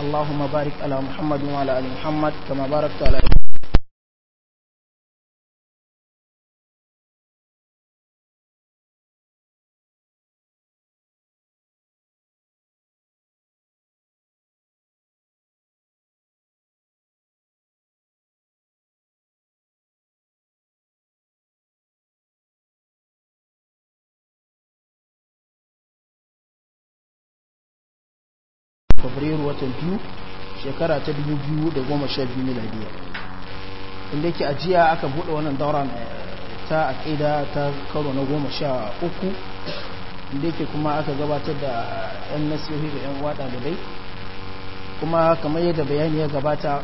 اللهم بارك على محمد وعلى آل محمد كما باركت على fabrairu watan biyu shekara ta 2012 miladiya inda ke ajiya aka buɗe wannan daura ta aƙida ta karo na goma sha uku inda ke kuma aka gabatar da 'yan nasihohi da 'yan wada da dai kuma kamar yadda bayani ya gabata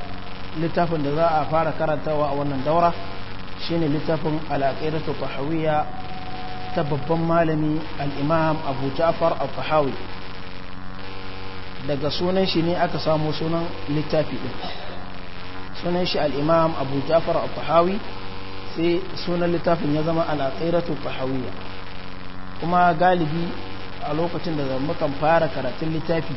littafin da za a fara karantawa a wannan daura shine littafin al'aqidatu ta babban malami al Abu Ja'far al-Tahawi daga sunan shi ne aka samu sunan littafi ɗin sunan shi al'imam abu jafar al-fahawi sai sunan littafin ya zama al'aƙairatu fahawiya kuma galibi a lokacin da mukan fara karatun littafi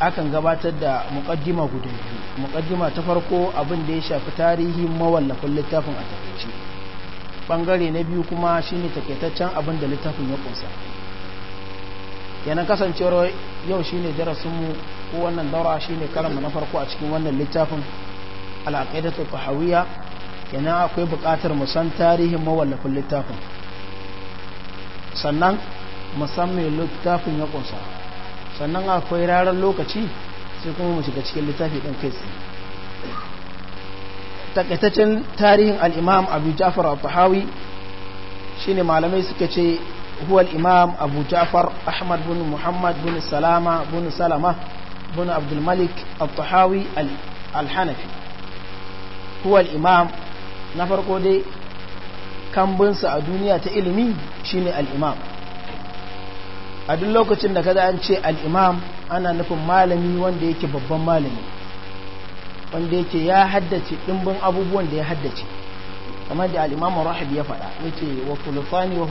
akan gabatar da muƙaddima guda biyu muƙaddima ta farko abin da ya shafi tarihin mawallafin littafin a takaice ɓangare na biyu kuma shine takaitaccen abin da littafin ya ƙunsa yana kasancewar yau shi ne darasinmu ko wannan daura shi ne karanmu na farko a cikin wannan littafin al'aqidatu hawiya yana akwai buƙatar mu san tarihin mawallafin littafin sannan musamman littafin ya ƙunsa sannan akwai rarar lokaci sai kuma mu shiga cikin littafi ɗin kai takaitaccen tarihin al'imam abu jafar hawi tahawi shine malamai suka ce هو الإمام أبو جعفر أحمد بن محمد بن سلامة بن سلمة بن عبد الملك الطحاوي الحنفي هو الإمام نفر قدي كم بنس الدنيا تإلمي شيني الإمام a duk lokacin da kaza an ce al'imam ana nufin malami wanda yake babban malami wanda yake ya haddace ɗimbun abubuwan da ya haddace kamar da al'imamun rahab ya faɗa yake wa fulfani wa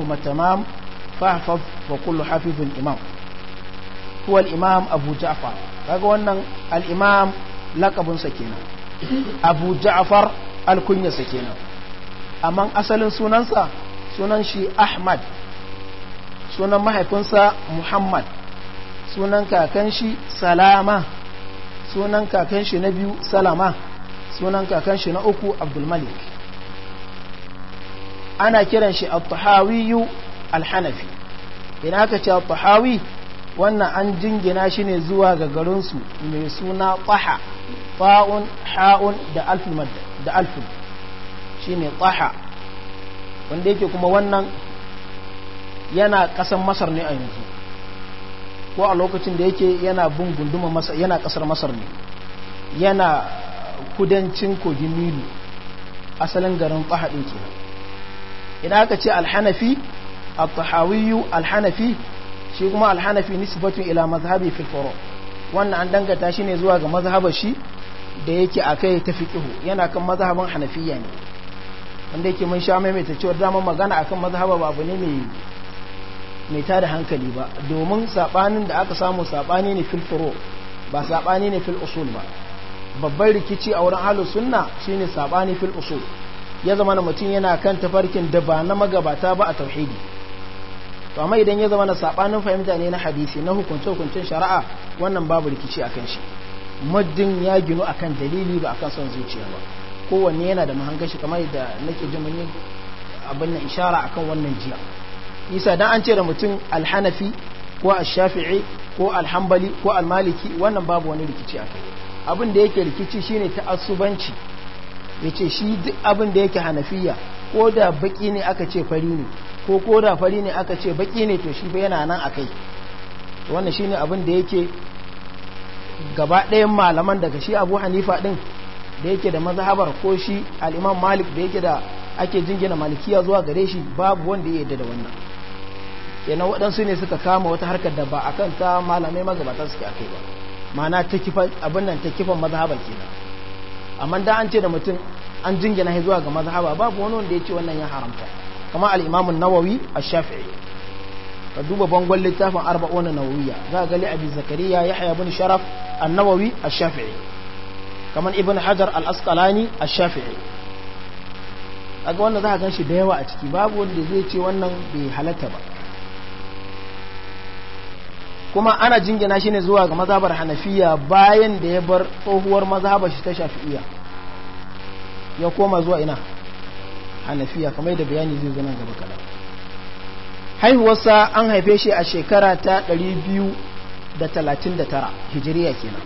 fahfaf wa kullu hafizun imam huwa al-imam abu ja'far kaga wannan al-imam laqabun sa kenan abu ja'far al-kunya sa kenan amma asalin sunansa sunan shi ahmad sunan mahaifinsa muhammad sunan kakan shi salama sunan kakan shi na biyu salama sunan kakan shi na uku abdulmalik ana kiran shi al-tahawiyu alhanafi ina aka ce tahawi wannan an jingina shi ne zuwa ga garinsu mai suna taha fa'un ha'un da alfin shi ne taha wanda yake kuma wannan yana ƙasar masar ne a yanzu ko a lokacin da yake yana bin gunduma yana ƙasar masar ne yana kudancin kogin nilu asalin garin taha ɗin ke idan aka ce alhanafi الطحاوي الحنفي شي كما shi kuma الى مذهبي nisbatun ila وان fil furu wannan an dangata shi ne zuwa ga mazhabar shi da yake akai ta fiqhu yana kan mazhaban hanafiya ne wanda yake mun sha maimaita cewa dama magana akan mazhaba ba abu ne mai mai tada hankali ba domin sabanin da aka samu sabani ne fil furu ba sabani ne fil usul ba babban rikici a wurin ahlus sunna shine sabani fil usul ya zama na mutum yana kan tafarkin da ba na magabata ba a tauhidi to amma idan ya zama na sabanin fahimta ne na hadisi na hukunce hukuncin shari'a wannan babu rikici akan shi muddin ya ginu akan dalili ba akan son zuciya ba kowanne yana da mahangashi kamar yadda nake ji mun abin na ishara akan wannan jiya isa dan an ce da mutum alhanafi ko al shafii ko al alhambali ko al-maliki wannan babu wani rikici akai abin da yake rikici shine ta'assubanci yace shi duk abin da yake hanafiya ko da baki ne aka ce fari ne ko ko da fari ne aka ce baki ne to shi ba yana nan a kai wannan shine abin da yake gaba ɗayan malaman daga shi abu hanifa ɗin da yake da mazhabar ko shi al'imam malik da yake da ake jingina malikiya zuwa gare shi babu wanda ya yadda da wannan kenan waɗansu ne suka kama wata harkar da ba kan ta malamai magabata suke akai ba ma'ana ta kifa abin nan ta kifan mazhabar kenan amma da an ce da mutum an jingina zuwa ga mazhaba babu wani wanda ya ce wannan ya haramta kama alimamun nawawi a shafii ka duba bangon littafin na nawawiya za a gali abin zakariya haya bin sharaf an-nawawi a shafii kamar ibn hajar al askalani shafi’i shafii aga wannan za a gan shi da yawa a ciki babu wanda zai ce wannan bai halatta ba kuma ana jingina shi ne zuwa ga mazhabar hanafiya bayan da ya bar tsohuwar mazhabar shi ta shafi'iya ya koma zuwa ina hanafiya kamar da bayani zai zana gaba kana haihuwarsa an haife shi a shekara ta 239 hijiriya kenan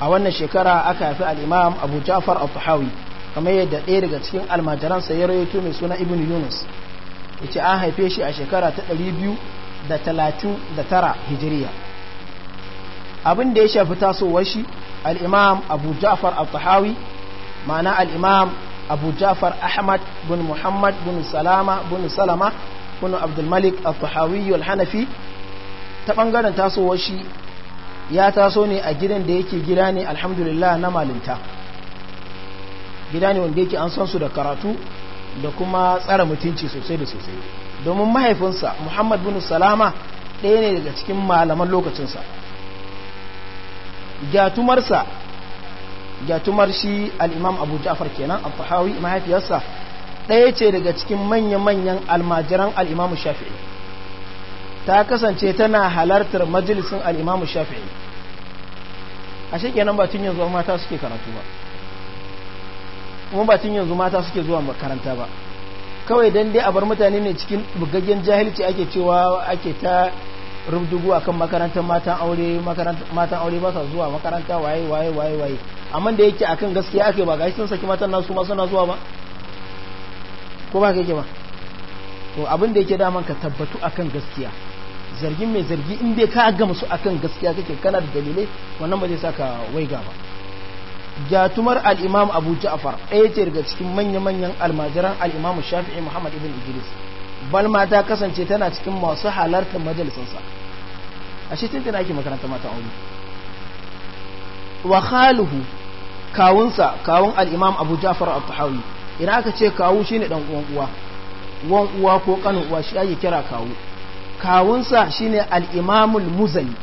a wannan shekara aka haifi alimam abu ja'far al kamar yadda ɗaya daga cikin almajiransa ya rawaito mai suna ibn yunus yace an haife shi a shekara ta 239 hijiriya abin da ya shafi tasowar shi alimam abu ja'far al ma'ana al'imam. abu jafar ahmad bin muhammad bin salama bin salama bin abdulmalik al-tahawiyu al-hanafi ta ɓangaren tasowar shi ya taso ne a gidan da yake gida ne alhamdulillah na malinta gida ne wanda yake an san su da karatu da kuma tsara mutunci sosai da sosai domin mahaifinsa muhammad bin salama ɗaya ne daga cikin malaman lokacinsa gatumarsa tumar shi al'imam abu ja'afar kenan a fahawi mahaifiyarsa ɗaya ce daga cikin manya-manyan almajiran al'imamu shafi'i ta kasance tana halartar majalisun al'imamu shafi'i a shekenan ba tun yanzu mata suke karatu ba kuma ba tun yanzu mata suke zuwa makaranta ba kawai don dai a bar mutane ne cikin bugaggen jahilci ake cewa ake ta rubdugu akan makarantar matan aure matan aure ba sa zuwa makaranta waye waye waye waye amma da yake akan gaskiya ake ba gashi sun saki matan nasu ma suna zuwa ba ko ba kake ba to abin da yake daman ka tabbatu akan gaskiya zargin mai zargi in dai ka ga musu akan gaskiya kake kana da dalilai wannan ba zai saka waiga ba jatumar al-imam abu ja'far ɗaya ce daga cikin manya-manyan almajiran al-imam shafi'i muhammad ibn idris balma ta kasance tana cikin masu halarta majalisinsa ashe tun tana ake makaranta mata aure wa khaluhu kawunsa kawun al-imam abu ja'far at-tahawi idan aka ce kawu shine dan uwan uwa uwan uwa ko kanin uwa shi ake kira kawu kawunsa shine al-imam al-muzani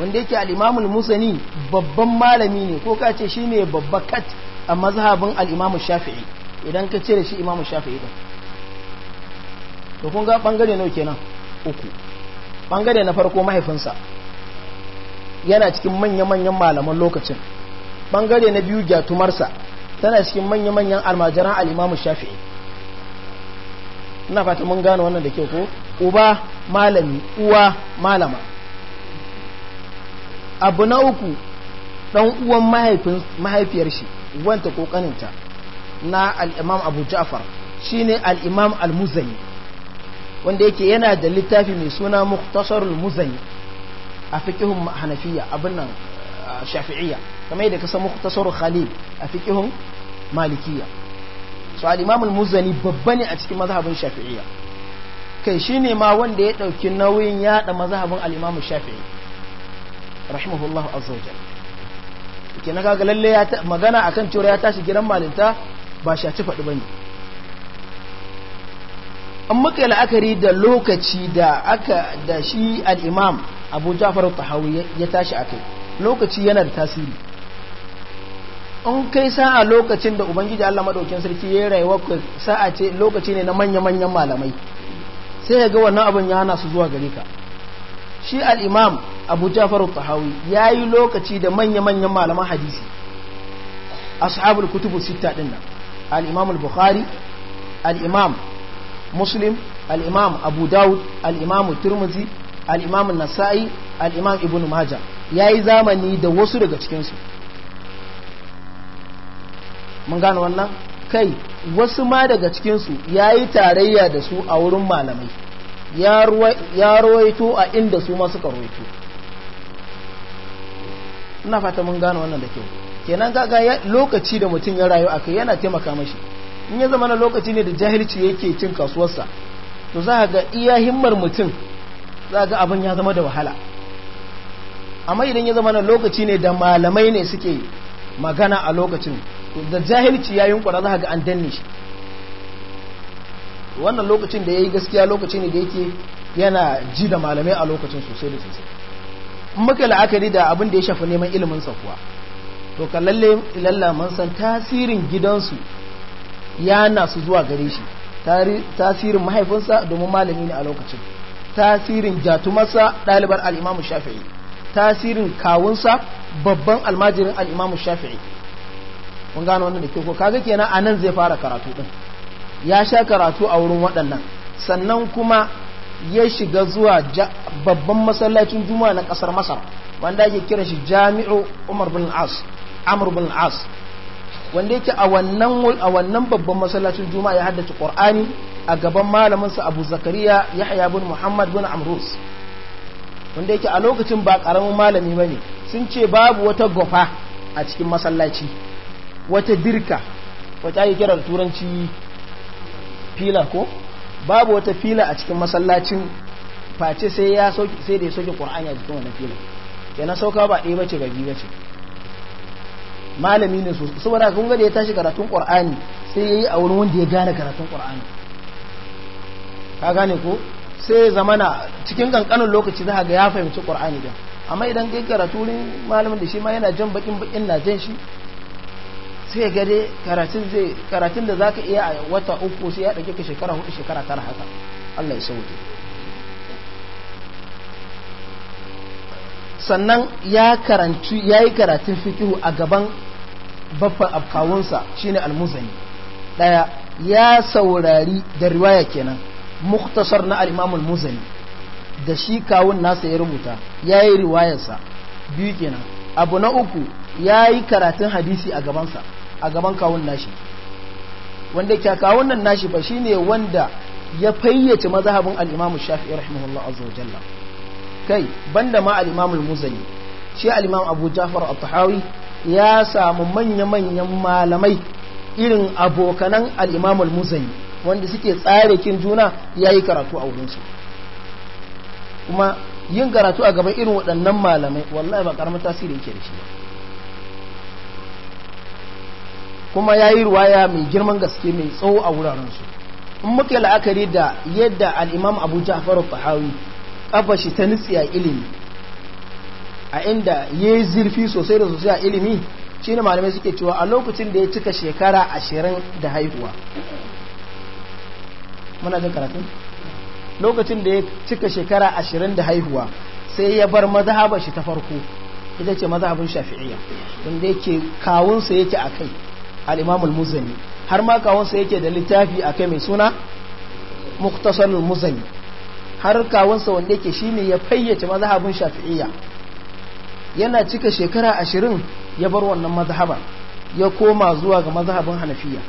wanda yake al-imam al-muzani babban malami ne ko ka ce shine babba kat a mazhabin al-imam shafi'i idan ka cire shi imam shafi'i din to kun ga bangare nawa kenan uku bangare na farko mahaifinsa yana cikin manya-manyan malaman lokacin bangare na biyu gyatumarsa tana cikin manya-manyan almajiran al'imamu shafi'i ina fata mun gano wannan da ke ko uba malami uwa malama abu na uku ɗan uwan mahaifiyar shi wanta ko kaninta na al'imam abu ja'far shine al'imam al-muzani wanda yake yana da littafi mai suna muktasarul muzani a fikihun hanafiya abin nan shafi'iyya kamar yadda kasa muktasarul khalil a fikihun malikiya so al-imamul muzani babba ne a cikin mazhabin shafi'iyya kai shine ma wanda ya dauki nauyin yada mazhabin al-imam shafi'i rahimahullahu azza wajal kina kaga lalle ya magana akan cewa ya tashi gidan malinta ba shi ci faɗi bane an muka la'akari da lokaci da aka da shi al'imam abu jafar tahawi ya tashi a kai lokaci yana da tasiri an kai sa'a lokacin da ubangiji allah maɗaukin sarki ya rayuwa sa'a ce lokaci ne na manya-manyan malamai sai ya ga wannan abin ya hana su zuwa gare ka shi al'imam abu jafar tahawi ya yi lokaci da manya-manyan malaman hadisi ashabul kutubu sitta ɗin nan al'imam al-bukhari al'imam muslim al-imam abu dawud al-imam turmuzi al-imam nasa'i al-imam ibn maja ya yi zamani da wasu daga cikinsu mun gano wannan kai wasu ma daga cikinsu ya yi tarayya da su a wurin malamai ya rawaito a inda su ma suka rawaito ina fata mun gano wannan da kyau kenan gaga lokaci da mutum ya rayu a kai yana taimaka mashi in ya zama na lokaci ne da jahilci yake cin kasuwarsa to za ga iya himmar mutum za ga abin ya zama da wahala amma idan ya zama na lokaci ne da malamai ne suke magana a lokacin da jahilci ya yunkura za ga an danne shi wannan lokacin da ya yi gaskiya lokaci ne da yake yana ji da malamai a lokacin sosai da sosai muka la'akari da abin da ya shafi neman ilimin sa kuwa to kallalle lalla mun san tasirin gidansu ya na su zuwa gare shi tasirin mahaifinsa domin malami ne a lokacin tasirin jatumarsa ɗalibar al'imamu shafi'i tasirin kawunsa babban almajirin al'imamu shafi'i kun gano wannan da ke ko kaga kenan a nan zai fara karatu ɗin ya sha karatu a wurin waɗannan sannan kuma ya shiga zuwa babban masallacin juma'a na ƙasar masar wanda ake kiran shi jami'u umar bin as amr bin as wanda yake a wannan a wannan babban masallacin juma'a ya haddace qur'ani a gaban malamin sa Abu Zakariya Yahya bin Muhammad bin Amrus wanda yake a lokacin ba karamin malami bane sun ce babu wata gofa a cikin masallaci wata dirka wata ake kira turanci fila ko babu wata fila a cikin masallacin face sai ya sai da ya soke qur'ani a cikin wannan fila kenan sauka ba ɗaya bace ba biyu bace malami ne sosai saboda kun kuma ya tashi karatun qur'ani sai yayi a wurin wanda ya gane karatun qur'ani ka gane ko sai zamana cikin kankanin lokaci za ga ya fahimci qur'ani din amma idan kai karatu malamin da shi ma yana jan bakin bakin na jan shi sai ga dai karatun zai karatun da iya a wata uku sai ya dauke ka shekara hudu shekara tara haka Allah ya sauke sannan ya karanci ya yi karatun fikihu a gaban baffan afkawunsa shine almuzani ɗaya ya saurari da riwaya kenan muktasar na al almuzani muzani da shi kawun nasa ya rubuta ya yayi riwayarsa biyu kenan abu na uku ya yi karatun hadisi a gabansa a gaban kawun nashi wanda kyakawun nan nashi ba shine wanda ya fayyace mazhabin al shafi'i rahimahullah azza kai banda ma al muzani shi al’imam abu ja'far al tahawi ya samu manya-manyan malamai irin abokanan al muzani wanda suke tsare kin juna yi karatu a wurinsu kuma yin karatu a gaban irin waɗannan malamai wallahi ba karamin tasiri yake da shi kuma ya yi ruwaya mai girman gaske mai tsawo a wuraren su in muke la'akari da yadda alimam abu ja'far al tahawi kafa shi ta nitsi a ilimi a inda ya yi zirfi sosai da sosai a ilimi shi ne malamai suke cewa a lokacin da ya cika shekara ashirin da haihuwa muna jin karatun lokacin da ya cika shekara ashirin da haihuwa sai ya bar mazhabar shi ta farko ita ce mazhabin shafi'iyya wanda yake kawunsa yake a kai al'imamul muzani har ma kawunsa yake da littafi a kai mai suna muktasar muzani har kawunsa wanda yake shi ne ya fayyace mazhabin shafi'iyya yana cika shekara ashirin ya bar wannan mazhaban ya koma zuwa ga mazhabin hanafiya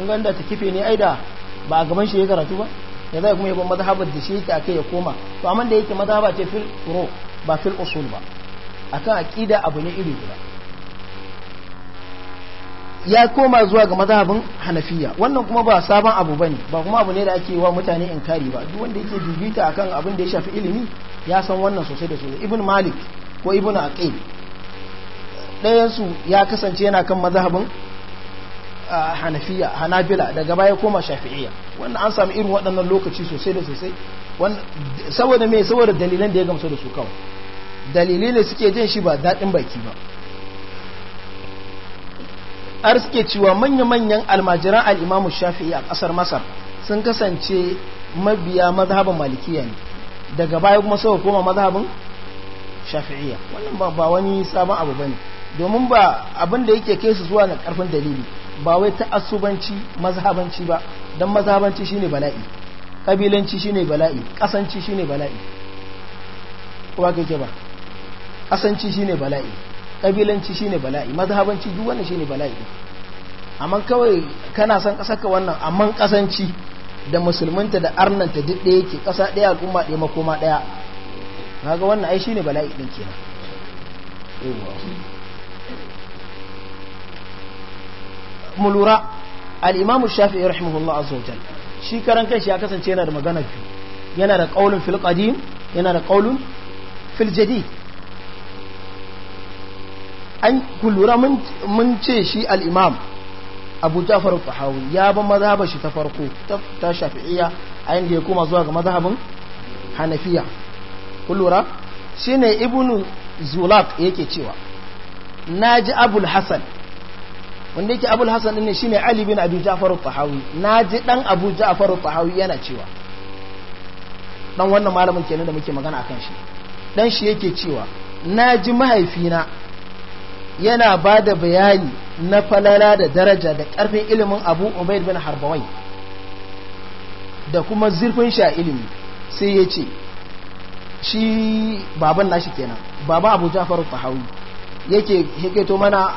in ganda ta kife ne aida ba a gaban shi ya karatu ba ya zai kuma ya bar mazhabar da shi yake akai ya koma to amma da yake mazhaba ce fil furu ba fil usul ba akan aqida abu ne iri guda ya koma zuwa ga mazhabin hanafiya wannan kuma ba sabon abu ba ba kuma abu ne da ake wa mutane inkari ba duk wanda yake bibita akan abin da ya shafi ilimi ya san wannan sosai da sosai ibn malik ko ibn aqil ɗayansu ya kasance yana kan mazhabin hanafiya hanabila daga baya koma shafi'iyya wannan an samu irin waɗannan lokaci sosai da sosai saboda me saboda dalilan da ya gamsu da su kawai dalilai ne suke jin shi ba daɗin baki ba har suke cewa manya-manyan almajiran al'imamu shafi'i a ƙasar masar sun kasance mabiya mazhabin malikiya ne daga baya kuma sau koma mazhabin shafi'iya wannan ba wani sabon abu ne domin ba abin da yake kesu su zuwa na ƙarfin dalili ba wai asubanci mazhabanci ba Don mazhabanci shine bala'i kabilanci shine bala'i kasanci shine bala'i ba kake ba kasanci shine bala'i kabilanci shine bala'i mazhabanci duk wannan shine bala'i amma kawai kana son kasar ka wannan amma kasanci da musulmanta da arnanta duk ɗaya yake kasa ɗaya al'umma ɗaya makoma ɗaya kaga wannan ai shine bala'i din kenan mu lura al-imam shafi'i rahimahullah azza jalla shi karan shi ya kasance yana da magana biyu yana da qaulun fil qadim yana da qaulun fil jadid an kulura mun ce shi al'imam abu jafar fahawi ya ba mazaba shi ta farko ta shafi'iyya a yadda ya koma zuwa ga mazabin hanafiya kulura shi ne ibn zulak yake cewa na ji abul hassan wanda yake abul hassan ne shi ne alibin abu jafar fahawi na ji dan abu jafar fahawi yana cewa dan wannan malamin kenan da muke magana a kan shi dan shi yake cewa na ji mahaifina yana ba da bayani na falala da daraja da ƙarfin ilimin abu umar bin harbawai da kuma zirfin sha ilimi sai ya ce shi baban nashi kenan baban abu jafar tahawi yake hikaito mana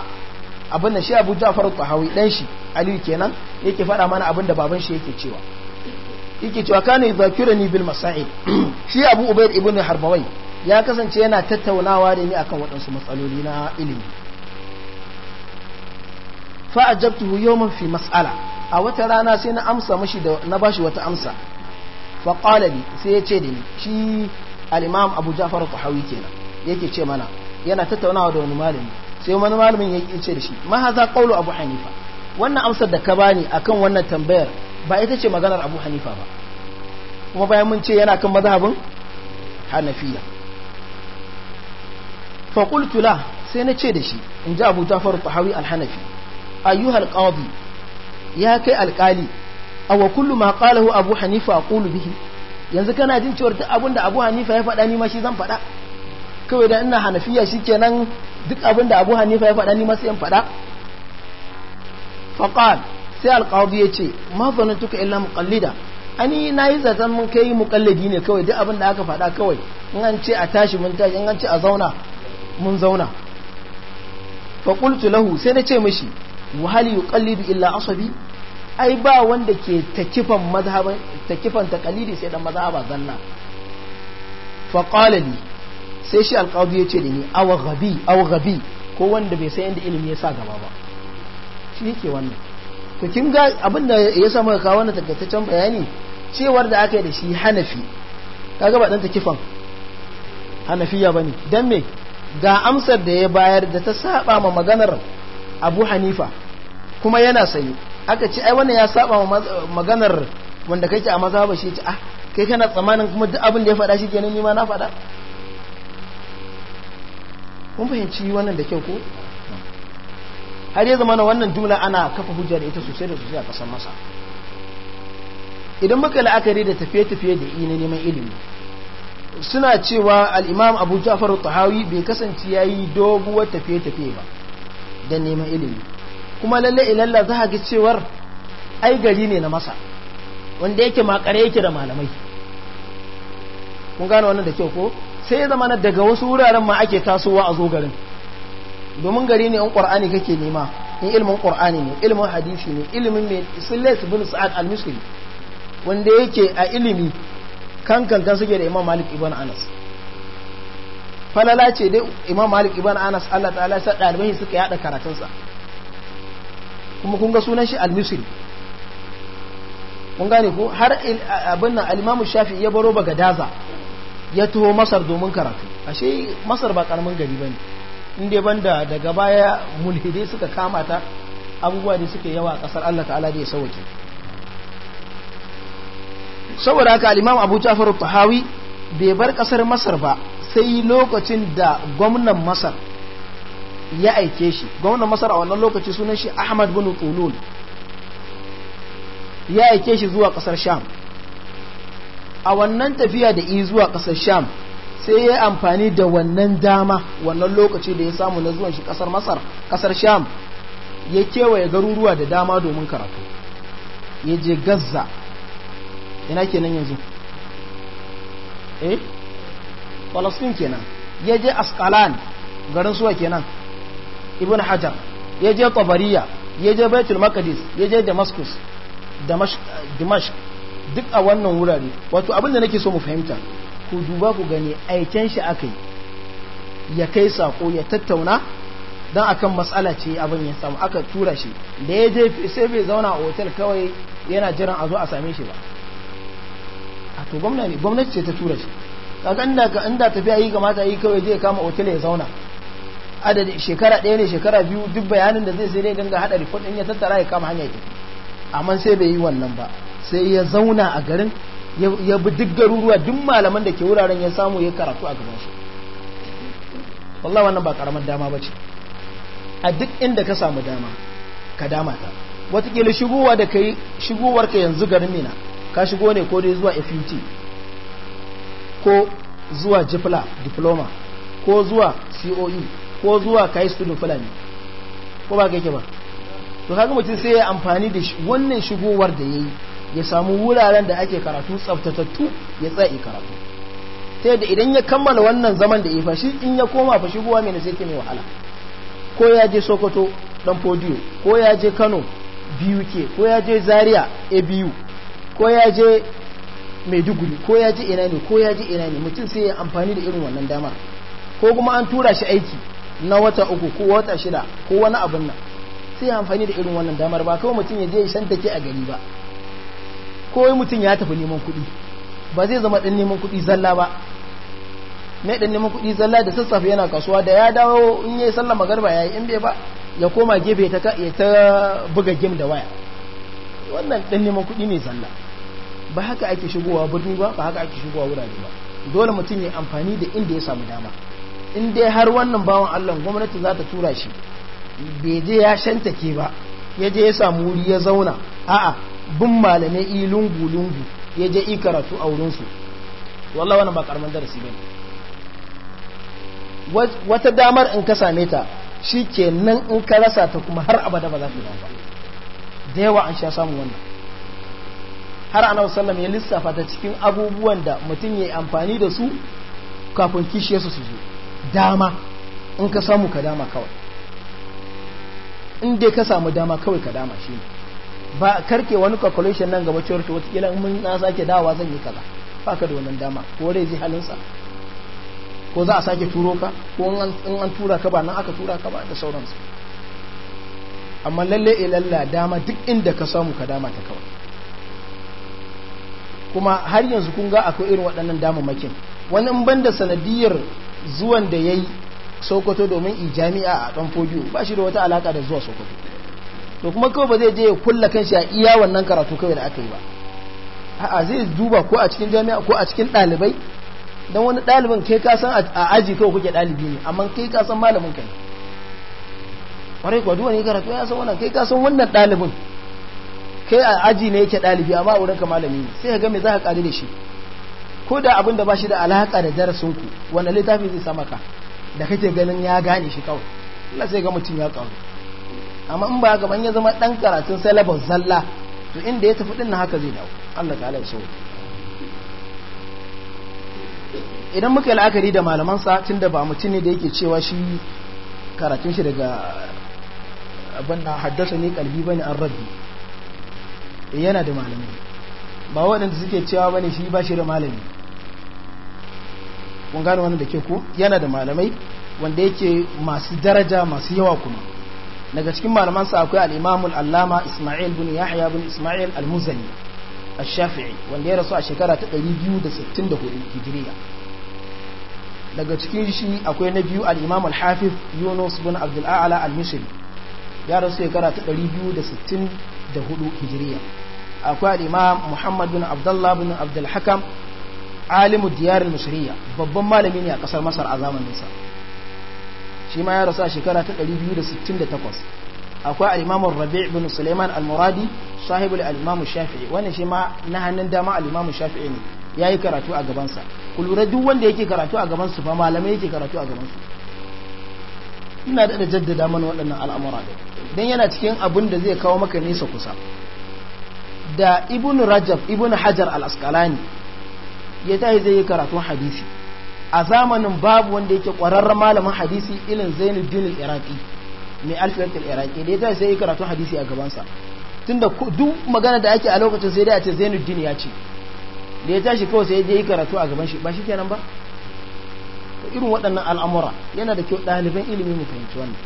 abin da shi abu jafar tahawi dan shi aliyu kenan yake faɗa mana abin da baban shi yake cewa yake cewa kana ni bil masail shi abu ubayd ibn harbawai ya kasance yana tattaunawa da ni akan waɗansu matsaloli na ilimi fa ajabtuhu yawman fi mas'ala a wata rana sai na amsa mashi da na bashi wata amsa fa qala li sai yace da ni shi al-imam Abu Ja'far al-Tahawi kenan yake ce mana yana tattaunawa da wani malami sai wani malamin ya ce da shi ma haza qawlu Abu Hanifa wannan amsar da ka bani akan wannan tambayar ba ita ce maganar Abu Hanifa ba kuma bayan mun ce yana kan mazhabin Hanafiya fa qultu la sai na ce da shi in ji Abu Ja'far al-Tahawi al-Hanafi ayyuhal qadi ya kai alkali aw kullu ma qalahu abu hanifa aqulu bihi yanzu kana jin cewa duk abin da abu hanifa ya faɗa ni ma shi zan faɗa kawai da ina hanafiya shikenan duk abin da abu hanifa ya faɗa ni ma sai in faɗa faqal sai alqadi ya ce ma zanatuka illa muqallida ani nayi zatan mun kai muqallidi ne kawai duk abin da aka faɗa kawai in an ce a tashi mun tashi in an ce a zauna mun zauna faƙultu lahu sai na ce mashi wahali yuqallidu illa asabi ai ba wanda ke takifan madhhaban takifan taqalidi sai dan madhhaba zanna fa qala li sai shi alqadi yace da ni aw ghabi aw ghabi ko wanda bai san inda ilimi ya sa gaba ba shi yake wannan to kin ga abin da ya sa muka kawo wannan takaitaccen bayani cewar da aka yi da shi hanafi kaga ba dan takifan hanafiya bane dan me ga amsar da ya bayar da ta saba ma maganar Abu Hanifa kuma yana sayi aka ce ai wannan ya saba maganar wanda kake a mazhaba shi ce ah kai kana tsamanin kuma duk abin da ya faɗa shi kenan ni ma na faɗa kun fahimci wannan da kyau ko har ya zama na wannan jumla ana kafa hujja da ita sosai da sosai a ƙasar masa idan muka la'akari da tafiye-tafiye da ina neman ilimi suna cewa al'imam abu ja'far tahawi bai kasance ya yi doguwar tafiye-tafiye ba don neman ilimi kuma lalle ilalla za ga cewar ai gari ne na masa wanda yake makare yake da malamai kun gane wannan da kyau ko sai ya zama daga wasu wuraren ma ake tasowa a zo garin domin gari ne in qur'ani kake nema in ilmin qur'ani ne ilmin hadisi ne ilmin ne sulais bin sa'ad al-misri wanda yake a ilimi kan kankan suke da imam malik ibn anas falala ce dai imam malik ibn anas Allah ta'ala sa dalibai suka yada karatunsa kuma kun ga sunan shi al-misri kun gane ko har abin nan al-imamu shafi ya baro ba gadaza ya tuho masar domin karatu ashe masar ba karamin gari bane inda banda daga baya mulhidai suka kamata ta abubuwa ne suke yawa a kasar Allah ta'ala da ya sauke saboda haka al Abuja Abu Ja'far tahawi bai bar kasar Masar ba sai lokacin da gwamnan Masar ya aike shi gwamnan masar a wannan lokaci sunan shi ahmad bin tulun ya aike shi zuwa kasar sham a wannan tafiya da yi zuwa kasar sham sai ya amfani da wannan dama wannan lokaci da ya samu na zuwan shi kasar masar kasar sham ya kewaye garuruwa da dama domin karatu ya je gaza ina kenan yanzu eh Falastin kenan ya je askalan garin suwa kenan ibn hajar ya je tabariya ya je baitul makadis ya je damascus dimashk duk a wannan wurare wato abinda nake so mu fahimta ku duba ku gani aiken shi akai ya kai sako ya tattauna dan akan matsala ce abin ya samu aka tura shi da ya je sai bai zauna a otal kawai yana jiran a zo a same shi ba a to gwamnati ce ta tura shi kaga inda ka inda tafiya yi kamata yi kawai je kama otal ya zauna adadin shekara ɗaya ne shekara biyu duk bayanin da zai sai dai ganga hada report din ya tattara ya kama hanya amma sai bai yi wannan ba sai ya zauna a garin ya bi duk garuruwa duk malaman da ke wuraren ya samu ya karatu a gaban shi wallahi wannan ba karamar dama ba a duk inda ka samu dama ka dama ta watakila shigowa da kai shigowar ka yanzu garin mina ka shigo ne ko dai zuwa FUT ko zuwa jifla diploma ko zuwa COE ko zuwa kai studin fulani ko ba kake ba to kaga mutum sai ya amfani da wannan shigowar da yayi ya samu wuraren da ake karatu tsaftatattu ya tsaya karatu ta yadda idan ya kammala wannan zaman da ya fashi in ya koma fa guwa mai sai ta mai wahala ko ya je sokoto dan podiyo ko ya je kano biyu ke ko ya je zaria a biyu ko ya je maiduguri ko ya je ina ne ko ya je ina ne mutum sai ya amfani da irin wannan dama ko kuma an tura shi aiki na wata uku ko wata shida ko wani abin nan sai amfani da irin wannan damar ba kawai mutum ya je shan take a gari ba wai mutum ya tafi neman kuɗi ba zai zama ɗan neman kuɗi zalla ba mai ɗan neman kuɗi zalla da sassafe yana kasuwa da ya dawo in yi sallar magarba ya yi in bai ba ya koma gefe ta ta buga game da waya wannan ɗan neman kuɗi ne zalla ba haka ake shigowa birni ba ba haka ake shigowa wurare ba dole mutum ya amfani da inda ya samu dama in dai har wannan bawan Allah gwamnati za ta tura shi bai je ya ke ba ya je ya samu wuri ya zauna a'a bin malamai i lungu lungu ya je i karatu a wurinsu wallah wannan ba karamin darasi ba wata damar in ka same ta shi ke nan in ka rasa ta kuma har abada ba za ta dawo da yawa an sha samun wannan har ana wasallam ya lissafa ta cikin abubuwan da mutum ya yi amfani da su kafin kishiyarsu su zo dama in ka samu ka dama kawai in dai ka samu dama kawai ka dama shi ne ba karke wani calculation nan gaba cewar to watakila in mun na sake dawa zan yi kaza ba ka da wannan dama ko dai zai halinsa ko za a sake turo ka ko in an tura ka ba nan aka tura ka ba da sauransu amma lalle ilalla eh dama duk inda ka samu ka dama ta kawai kuma har yanzu kun ga akwai irin waɗannan makin wani ban da sanadiyar zuwan da ya yi sokoto domin ijami'a a ɗan fodiyo ba shi da wata alaƙa da zuwa sokoto to kuma kawai ba zai je ya kulla kanshi a iya wannan karatu kawai da aka yi ba a'a zai duba ko a cikin jami'a ko a cikin ɗalibai don wani ɗalibin kai ka san a aji kawai kuke ɗalibi ne amma kai ka san malamin ka ne ƙwarai kuwa duwani karatu ya san wannan kai ka san wannan ɗalibin kai a aji ne yake ɗalibi amma a wurin ka malami ne sai ka ga me za ka ƙari da shi ko da abin da ba shi da alaƙa da darasin ku wanda littafi zai sa maka da kake ganin ya gane shi kawai Allah sai ga mutum ya kawo amma in ba gaban ya zama ɗan karatun salabar zalla to inda ya tafi dinnan haka zai dawo Allah ta'ala ya sauke idan muka yi la'akari da malaman sa tunda ba mutum ne da yake cewa shi karatun shi daga abin da haddasa ne kalbi bane an rabbi eh, yana da malamai ba waɗanda suke cewa bane shi ba shi da malami kun wani da ke ko yana da malamai wanda yake masu daraja masu yawa kuma daga cikin malamansa akwai al'imamul allama Isma'il bin Yahya bin Isma'il al-Muzani al-Shafi'i wanda ya rasu a shekara ta 264 hijiriya. daga cikin shi akwai na biyu al'imamul hafiz Yunus bin Abdul A'la al-Misri ya rasu shekara ta 264 hijiriya. akwai al'imam muhammad bin abdullah bin abdulhakam alimu diyarar misriya babban malami ne a ƙasar masar a zamaninsa shi ma ya rasu a shekara ta 268 akwai al'imamun rabi' bin suleiman al-muradi sahibu al'imamun shafi'i wani shi ma na hannun dama al'imamun shafi'i ne ya yi karatu a gabansa ku lura duk wanda yake karatu a gabansu fa malamai yake karatu a gabansu ina da jaddada mana waɗannan al'amura don yana cikin abin da zai kawo maka nesa kusa da ibn rajab ibn hajar al askalani ya ta yi zai yi karatun hadisi a zamanin babu wanda yake ƙwararren malamin hadisi ilin zainuddin al Iraki mai alfiyar Iraki da ya ta yi zai yi karatun hadisi a gabansa tun da duk magana da ake a lokacin sai dai a ce din ya ce da ya tashi kawai sai dai yi karatu a gaban shi ba shi kenan ba irin waɗannan al'amura yana da kyau ɗaliban ilimin mu fahimci wannan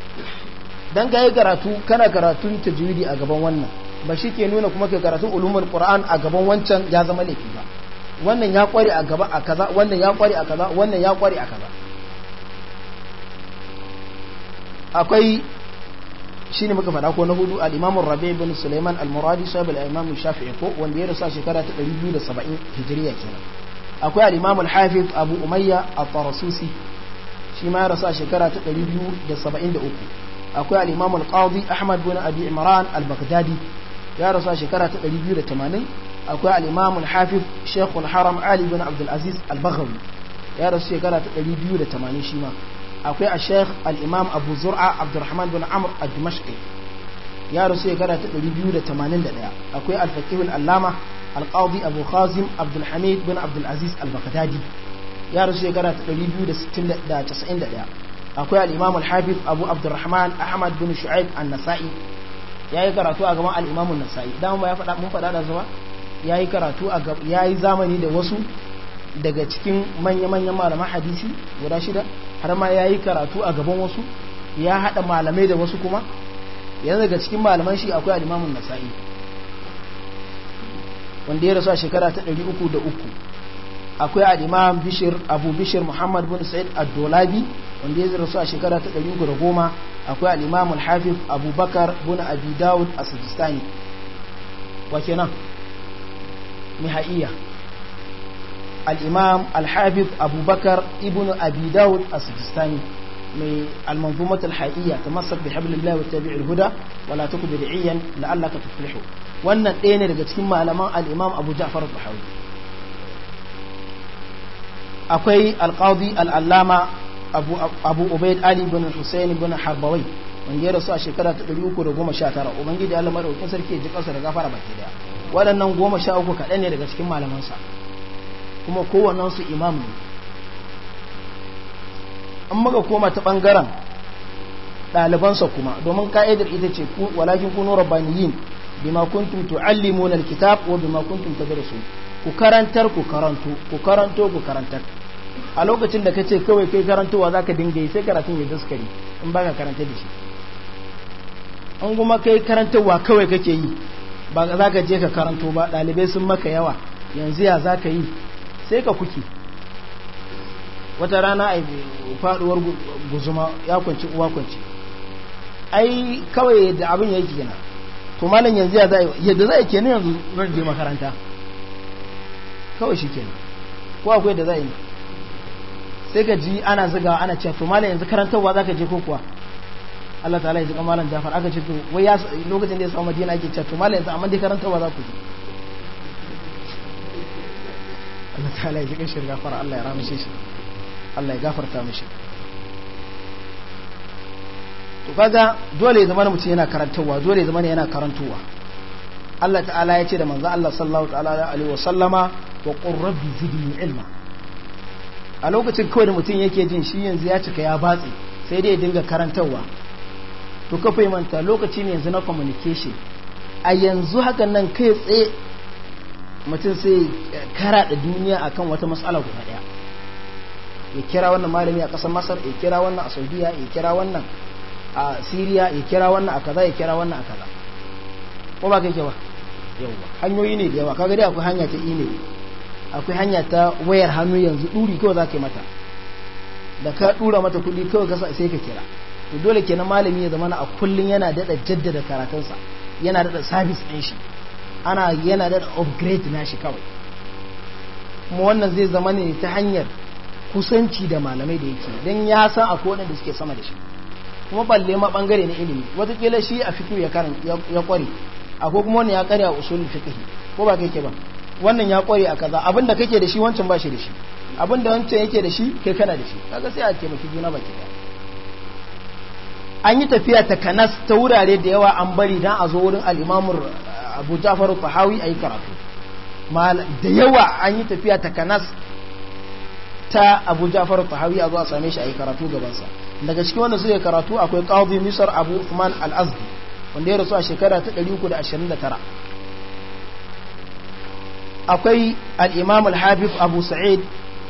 dan ga yi karatu kana karatun tajwidi a gaban wannan ba shi ke nuna kuma ke karatun ulumul qur'an a gaban wancan ya zama laifi ba wannan ya kware a gaba a kaza wannan ya kware a kaza wannan ya kware a kaza akwai muka faɗa ko na hudu al-Imam Rabi bin Sulaiman al-Muradi sahibi al Shafi'i ko wanda ya rasa shekara ta 270 kenan akwai al-Hafiz Abu Umayya al farasusi shi ma ya rasa shekara ta 273 akwai al al-Qadi Ahmad bin Abi Imran al-Baghdadi ya rasu a shekara ta 280 akwai al-imam al-hafiz shaykh al-haram ali bin abdul aziz al ya rasu shekara ta 280 shi ma akwai a shek al'imam imam abu zur'a abdurrahman bin amr ad-dimashqi ya rasu shekara ta 281 akwai al-faqih al-allama al-qadi abu khazim abdul hamid bin abdul aziz al ya rasu shekara ta 291 akwai al-imam al-hafiz abu abdurrahman ahmad bin shu'aib an-nasa'i yayi karatu a gaban al-Imam nasai dan ba ya faɗa mun faɗaɗa da ya yayi karatu a yayi zamani da wasu daga cikin manya-manyan malaman hadisi guda shida har ma yayi karatu a gaban wasu ya hada malamai da wasu kuma yanzu daga cikin malaman shi akwai al nasai wanda ya rasu a shekara ta 303 akwai al-Imam Bishr Abu bishir Muhammad bin Sa'id ad-Dolabi wanda ya rasu a shekara ta 310 akwai al-imam al-hafiz abubakar bin abi dawud as-sijistani wa kenan mihaiya al'imam imam al-hafiz abubakar ibn abi dawud as-sijistani mai al-manzumat ta masar tamassak bi hablillahi wa tabi'il huda wa la takun bid'iyan la'allaka tuflihu wannan ɗaya ne daga cikin malaman al'imam imam abu ja'far al-tahawi akwai al-qadi abu ubaid ali bin husayn bin harbawai wanda ya rasu a shekara ta 319 ubangiji Allah madaukakin sarki ya ji kansa da gafara baki daya waɗannan goma sha uku kaɗan ne daga cikin malamansa kuma kowannensu imam ne an maka koma ta ɓangaren ɗalibansa kuma domin ka'idar ita ce walakin kunu rabbaniyin bima kuntum tu'allimuna alkitab wa bima kuntum tadrusun ku karantar ku karanto ku karanto ku karantar a lokacin da ka ce kawai kai karantowa za ka dinga yi sai karatun ya daskari in ba ka karanta da shi an kuma kai karantowa kawai kake yi ba za ka je ka karanto ba ɗalibai sun maka yawa yanzu ya za ka yi sai ka kuke wata rana a faɗuwar guzuma ya kwanci uwa kwanci ai kawai da abin ya yi gina to malam yanzu ya za yadda za a ke yanzu zan je makaranta kawai shi kenan ko akwai da za a yi sai ka ji ana zugawa ana cewa to malam yanzu karantarwa zaka je ko kuwa Allah ta'ala ya ji malam Jafar aka ce to wai ya lokacin da ya samu Madina ake cewa to malam yanzu amma dai karantarwa za ku je Allah ta'ala ya ji shi shirga fara Allah ya ramishe shi Allah ya gafarta mishi to kaga dole ya zama mutum yana karantarwa dole ya zama yana karantarwa Allah ta'ala ya ce da manzo Allah sallallahu ta'ala alaihi wa sallama wa qur rabbi zidni ilma a lokacin kawai da mutum yake jin shi yanzu ya cika ya batsi sai dai ya dinga karantarwa to ka fahimta lokaci ne yanzu na communication a yanzu hakan nan kai tsaye mutum sai kara da duniya akan wata matsala guda daya ya kira wannan malami a ƙasar masar ya kira wannan a saudiya ya kira wannan a siriya ya kira wannan a kaza ya kira wannan a kaza ko ba kai ke ba yauwa hanyoyi ne da yawa kaga dai akwai hanya ta email akwai hanya ta wayar hannu yanzu ɗuri kawai za ka yi mata da ka ɗura mata kuɗi kawai kasa sai ka kira to dole kenan malami ya zama na a kullum yana daɗa jaddada karatunsa yana daɗa sabis ɗin shi ana yana daɗa upgrade na shi kawai kuma wannan zai zama ne ta hanyar kusanci da malamai da yake don ya san akwai waɗanda suke sama da shi kuma balle ma bangare na ilimi watakila shi a fito ya kware akwai kuma wani ya kare a usulun ko ba kai ke ba wannan ya kware a kaza abinda kake da shi wancan ba shi da shi abinda wancan yake da shi kai kana da shi kaga sai a taimaki juna baki an yi tafiya ta kanas ta wurare da yawa an bari dan a zo wurin al-imam abu jafar fahawi a ayi karatu da yawa an yi tafiya ta kanas ta abu jafar fahawi a zo a same shi ayi karatu karatu gabansa daga cikin wanda suke karatu akwai qadi Misr abu uthman al-azdi wanda ya rasu a shekara ta 329 akwai al-imam abu sa'id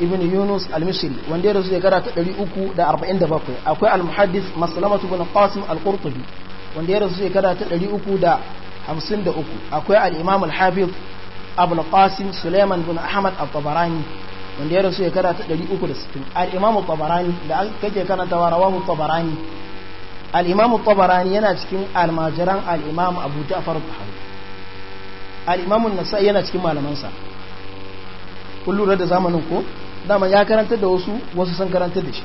ibn yunus al-misri wanda yadda rasu shekara ta 347 akwai al-muhaddis maslamatu ibn qasim al-qurtubi wanda yadda rasu shekara ta 353 akwai al-imam al-hafiz abul qasim suleiman bin ahmad al-tabarani wanda ya rasu shekara ta 360 al-imam al-tabarani da kake karanta wa rawahu al-tabarani al-imam al-tabarani yana cikin almajiran al-imam abu ja'far al-tahawi al'imamun nasa'i yana cikin malamansa kun lura da zamanin ko dama ya karantar da wasu wasu sun karanta da shi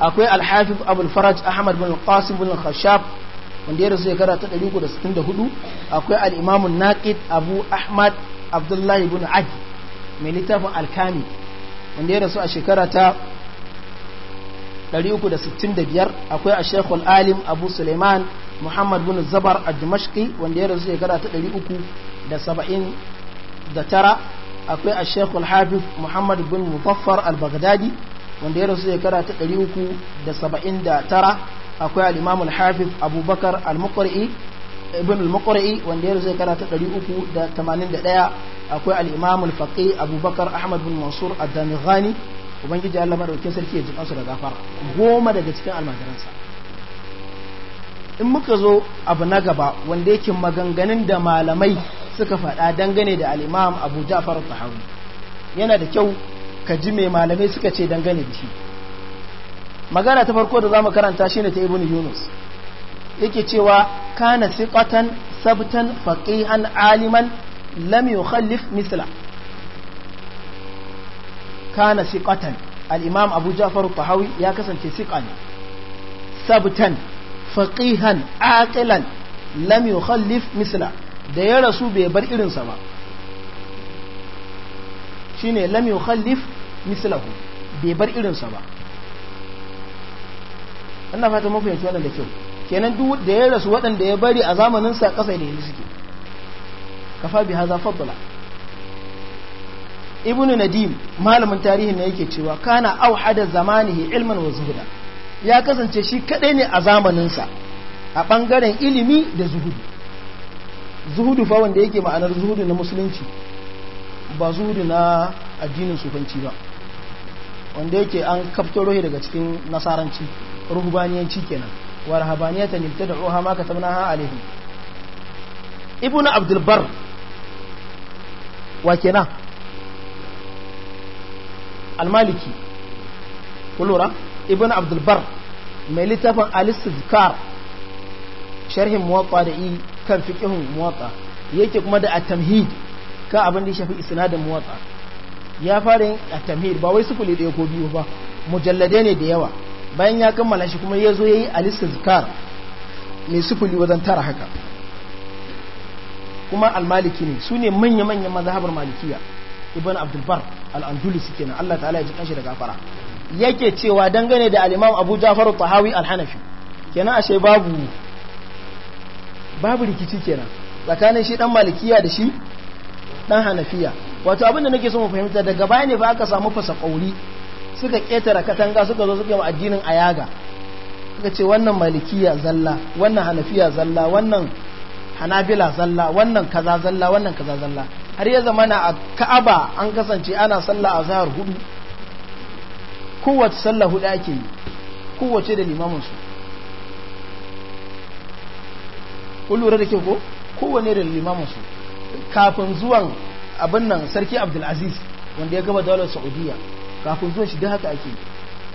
akwai alhafif abulfaraj faraj ahmad bin qasim bin khashab wanda ya rasu shekara ta 364 akwai al'imamun naqid abu ahmad abdullahi bin adi mai littafin alkami wanda ya rasu a shekara ta 365 akwai a shekul alim abu suleiman muhammad bin zabar a dimashki wanda ya rasu shekara ta 379 akwai a shekul hafiz muhammad bin mufaffar al-baghdadi wanda ya rasu shekara ta 379 akwai al-imam al-hafiz abubakar al-muqri'i ibn al-muqri'i wanda ya rasu shekara ta 381 akwai al-imam al-faqih abubakar ahmad bin mansur ad-damighani ubangiji Allah madaukakin sarki ya ji kansu da gafara goma daga cikin almajiransa in muka zo abu na gaba wanda yake maganganun da malamai suka faɗa dangane da al'imam abu ja'far tahawi yana da kyau ka ji mai malamai suka ce dangane da shi magana ta farko da za mu karanta shi ne ta ibnu yunus yake cewa kana siqatan sabtan faqihan aliman lam yukhallif misla kana siqatan al'imam imam abu ja'far tahawi ya kasance siqa ne faqihan aƙilan lam yukhallif misla da ya rasu bai bar irinsa ba Shi ne lam yukhallif mislahu bai bar irinsa ba Ana fata mun fahimci wannan da kyau kenan duk da ya rasu waɗanda ya bari a zamanin sa ƙasa ne suke kafa bi haza faddala Ibn nadim malamin tarihin ne yake cewa kana auhada zamanihi ilman wa zuhuda ya kasance shi kadai ne a zamaninsa a ɓangaren ilimi da zuhudu zuhudu fa wanda yake ma'anar zuhudu na musulunci ba zuhudu na addinin sufanci ba wanda yake an kafto rohi daga cikin nasaranci ruhubaniyanci kenan wa rahabaniyatan ibtada'uha ma katabnaha alaihim ibnu abdul bar wa kenan al-maliki kullura ibnu abdul bar mai littafin alistar sharhin muwaƙa da yi kan fiqhun muwatta yake kuma da atamhid ka abin da ya shafi isinadin muwaƙa. ya fara yin atamhid ba wai sufuli ɗaya ko biyu ba mujallade ne da yawa bayan ya kammala shi kuma ya zo ya yi alistar zikar mai sufuli wajen tara haka kuma almaliki ne su ne manya-manyan mazahabar malikiya ibn abdulbar al-andalusi kenan Allah ta'ala ya ji kanshi da gafara yake cewa dangane da alimam abu ja'far tahawi alhanafi kenan ashe babu babu rikici kenan tsakanin shi dan malikiya da shi dan hanafiya wato abin da nake so mu fahimta daga baya ne ba aka samu fasa kauri suka ƙetare katanga suka zo suka yi addinin ayaga suka ce wannan malikiya zalla wannan hanafiya zalla wannan hanabila zalla wannan kaza zalla wannan kaza zalla har ya zamana a ka'aba an kasance ana sallah a zahar hudu kowace sallah hudu ake yi kowace da limamin su kun lura da ke ko kowane da limamin su kafin zuwan abin nan sarki abdulaziz wanda ya gaba daular saudiya kafin zuwan shi da haka ake yi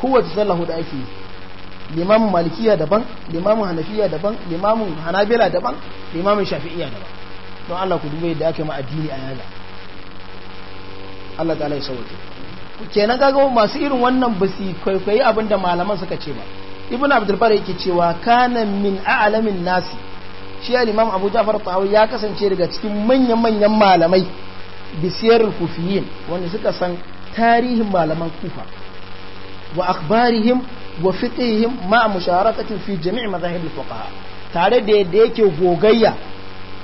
kowace sallah hudu ake yi limamin malikiya daban limamin hanafiya daban limamin hanabila daban limamin shafi'iya daban don allah ku dubai da aka yi ma addini a yaga allah ta ala yi sauke kenan kaga masu irin wannan basi su kwaikwayi abin malaman suka ce ba ibn abdul yake cewa kanan min a'lamin nasi shi alimam imam abu ja'far ya kasance daga cikin manyan manyan malamai bisiyar kufiyin wanda suka san tarihin malaman kufa wa akbarihim wa fitihim ma a musharakatin fi jami'i madahib fukaha fuqaha tare da yadda yake gogayya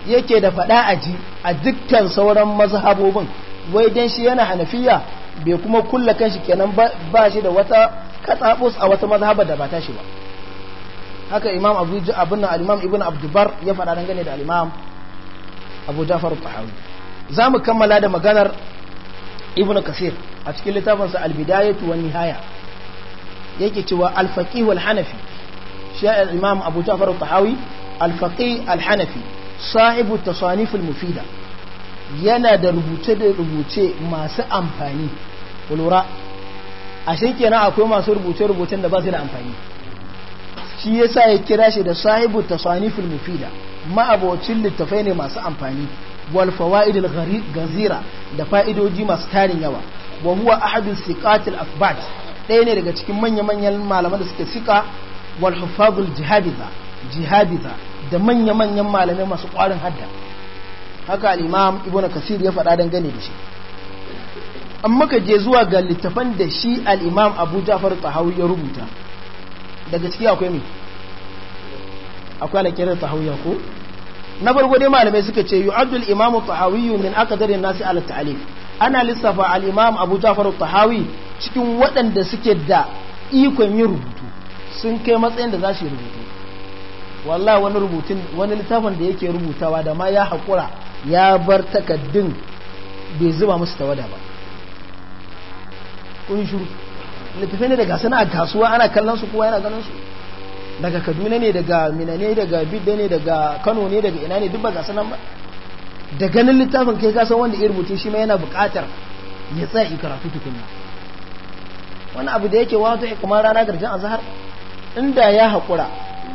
yake da fada ji a dukkan sauran mazhabobin wai dan shi yana hanafiya bai kuma kulla kanshi kenan ba shi da wata katsabus a wata mazhaba da ba ta shi ba haka imam abu abin nan al-imam abdubar ya faɗa dangane da al-imam abu jafar tahawi za mu kammala da maganar ibnu kasir a cikin littafinsa al-bidayatu wan nihaya yake cewa al-faqih wal hanafi shi al-imam abu jafar tahawi al-faqih al-hanafi sahibu tasanif al-mufida yana da rubuce da rubuce masu amfani ku lura ashe kenan akwai masu rubuce-rubucen da ba su da amfani shi ya sa ya kira shi da sahibu tasaniful mufida ma'abocin littafai ne masu amfani walfawa idil gazira da fa'idoji masu tarin yawa wa huwa ahadu sikatil afbat ɗaya ne daga cikin manya-manyan malaman da suke sika walhufagul jihadiza jihadiza da manya-manyan malamai masu ƙwarin hadda haka alimam ibona kasir ya faɗa dangane da shi an muka je zuwa ga littafan da shi al'imam abu jafar tahawu ya rubuta daga ciki akwai mai akwai na tahawu ya ku na farko dai malamai suka ce yi abdul imamu tahawiyu min dare nasi ala ta'alif ana lissafa al'imam abu jafar tahawu cikin waɗanda suke da ikon yin rubutu sun kai matsayin da za su yi rubutu wallah wani rubutun wani littafin da yake rubutawa da ma ya haƙura ya bar takaddun bai zuba musu tawada ba kun shiru littafai ne daga suna a kasuwa ana kallon su kowa yana ganin su daga kaduna ne daga mina ne daga bidda ne daga kano ne daga ina ne duk ba ga sanan ba da ganin littafin kai ka san wanda ya shi ma yana bukatar ya tsaya yi karatu tukunna wani abu da yake wato kuma rana garjin azhar inda ya hakura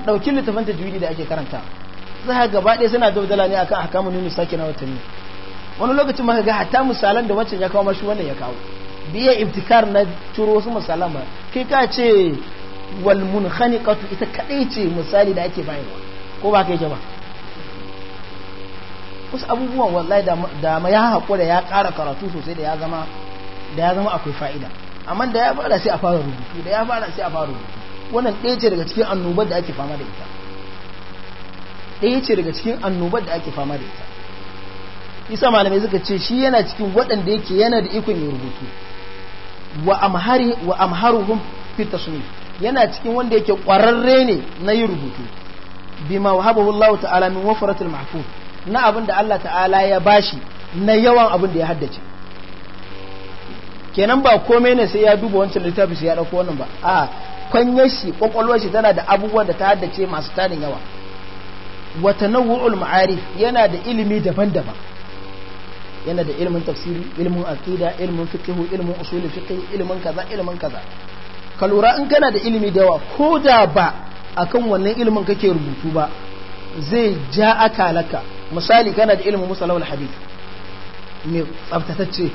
dauki littafin tajwidi da ake karanta za ka gaba ɗaya suna daudala ne akan ahkamun nunu sake na watanni wani lokacin ma ga hatta misalan da wancan ya kawo mashi wannan ya kawo biya ibtikar na turo su musalama kai ka ce wal munkhaniqatu ita kadai ce misali da ake bayarwa ko ba kai ba wasu abubuwan wallahi da ma ya hakura ya ƙara karatu sosai da ya zama da ya zama akwai fa'ida amma da ya fara sai a fara rubutu da ya fara sai a fara rubutu wannan ɗaya ce daga cikin annobar da ake fama da ita ɗaya ce daga cikin annobar da ake fama da ita isa malamai suka ce shi yana cikin waɗanda yake yana da ikon ya rubutu wa amhari wa amharuhum fi tasnif yana cikin wanda yake kwararre ne na yin rubutu bima wahabahu Allah ta'ala min wafratil mahfuz na abin da Allah ta'ala ya bashi na yawan abin da ya haddace kenan ba komai ne sai ya duba wancan littafi sai ya dauko wannan ba a kwanyar shi kwakwalwar shi tana da abubuwan da ta haddace masu tarin yawa wa tanawwu'ul ma'arif yana da ilimi daban-daban yana da ilimin tafsiri ilimin aqida ilimin fiqhu ilimin usul fiqh ilimin kaza ilimin kaza ka lura in kana da ilimi da yawa ko da ba akan wannan ilimin kake rubutu ba zai ja akalaka misali kana da ilimin musalawul hadith Me tsaftatacce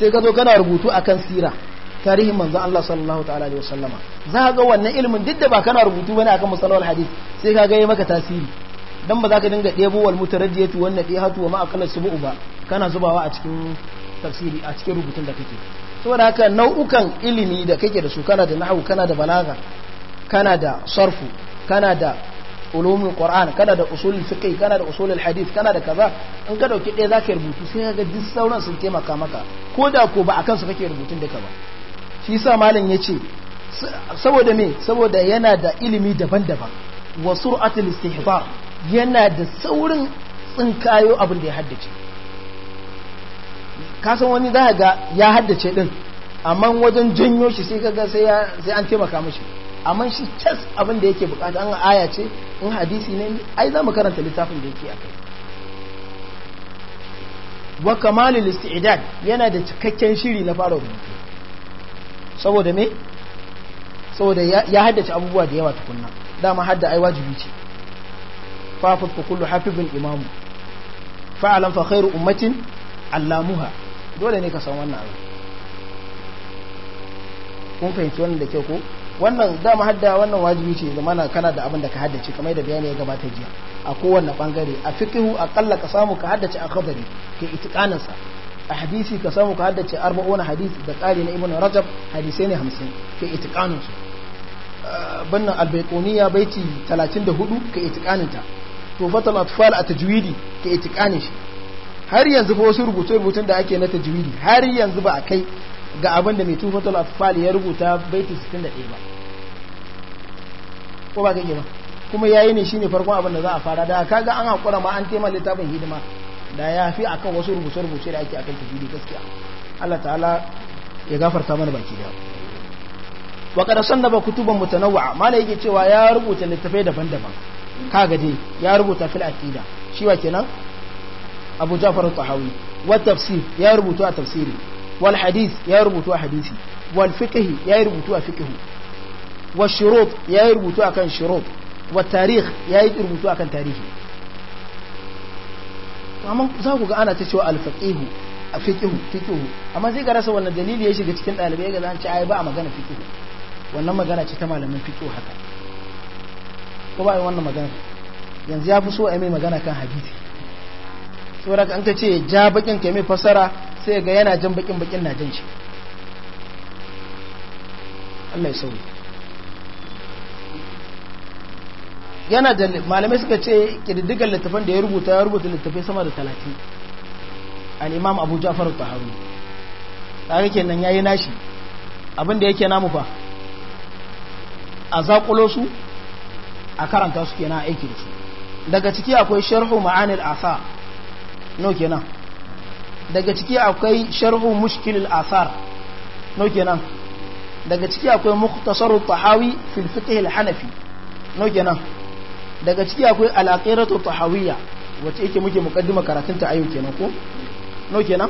sai ka zo kana rubutu akan sira tarihin manzon Allah sallallahu ta'ala alaihi wasallama za ka ga wannan ilimin duk da ba kana rubutu bane akan musalawul hadith sai ka ga yayi maka tasiri dan ba za ka dinga ɗebo wal mutaraddiyatu ɗe hatu wa ma aqalla subu'u ba kana zubawa a cikin tafsiri a cikin rubutun da kake saboda haka nau'ukan ilimi da kake da su kana da nahwu kana da balaga kana da sarfu kana da ulumul qur'an kana da usulul fiqh kana da usulul hadith kana da kaza in ka dauki ɗaya zaka rubutu sai ka ga duk sauran sun taimaka maka ko da ko ba akan su kake rubutun duka ba shi yasa malam yace saboda me saboda yana da ilimi daban-daban wa sur'atul istihdar yana da saurin tsinkayo abin da ya haddace kasan wani za ga ya haddace din amma wajen janyo shi sai kaga sai an taimaka mashi amma shi cas abin da yake bukata an aya ce in hadisi ne ai za mu karanta littafin da yake a kai wa kamalul isti'dad yana da cikakken shiri na fara rubutu saboda me saboda ya haddace abubuwa da yawa tukunna dama hadda ai wajibi ce hafafin fa حفظ hafizin فعلا fa'alan fa علامها ummatin allamuha dole ne ka san wannan abu kun fahimci wannan da kyau ko wannan dama hadda wannan wajibi ce da mana kana da abin da ka haddace kamar da bayani ya gabata jiya a kowanne bangare a fiqhu akalla ka samu ka haddace a khabari ke itiqanin sa a hadisi ka samu ka haddace 40 hadisi da qari na ibnu rajab hadisai ne 50 ke itiqanin su bannan albayquniya baiti 34 ke itiqanin ta tufatul atfal a tajwidi ke itikani shi har yanzu ba wasu rubutu rubutun da ake na tajwidi har yanzu ba a kai ga abin da mai tufatul atfal ya rubuta baiti 61 ba ko ba kake ba kuma yayi ne shine farkon abin da za a fara da kaga an hakura ma an tema littafin hidima da ya fi akan wasu rubutu rubuce da ake akan tajwidi gaskiya Allah ta'ala ya gafarta mana baki da wa qad sanaba kutuban mutanawwa mala yake cewa ya rubuta littafai daban-daban kagade ya rubuta fil aqida shi wa kenan abu ja'far tahawi wa tafsir ya rubuta a tafsiri wal ya rubuta a hadisi wal fiqh ya rubuta a fiqh wa shurut ya rubuta akan shurut wa tarikh ya rubuta akan tarihi amma za ku ga ana ta cewa al faqih a fiqh fiqh amma zai ga rasa wannan dalili ya shiga cikin dalibai ga zan ci ai ba a magana fiqh wannan magana ce ta malamin fiqh haka ko ba a yi wannan magana yanzu ya fi so a mai magana kan hadisi saboda an ka ce ja bakin ka mai fasara sai ga yana jan bakin bakin na jan shi Allah ya sauri yana da malamai suka ce kididdigar littafin da ya rubuta ya rubuta littafai sama da talatin al'imam abu jafar taharu tare kenan ya yi nashi abinda yake namu fa a zakulo su a karanta su kenan aiki da su daga ciki akwai sharhu ma'anil asar no kenan daga ciki akwai sharhu mushkilil asar no kenan daga ciki akwai mukhtasarut tahawi fil fiqh al hanafi no kenan daga ciki akwai al aqiratu tahawiyya wacce yake muke mukaddima karatun ta ayu kenan ko no kenan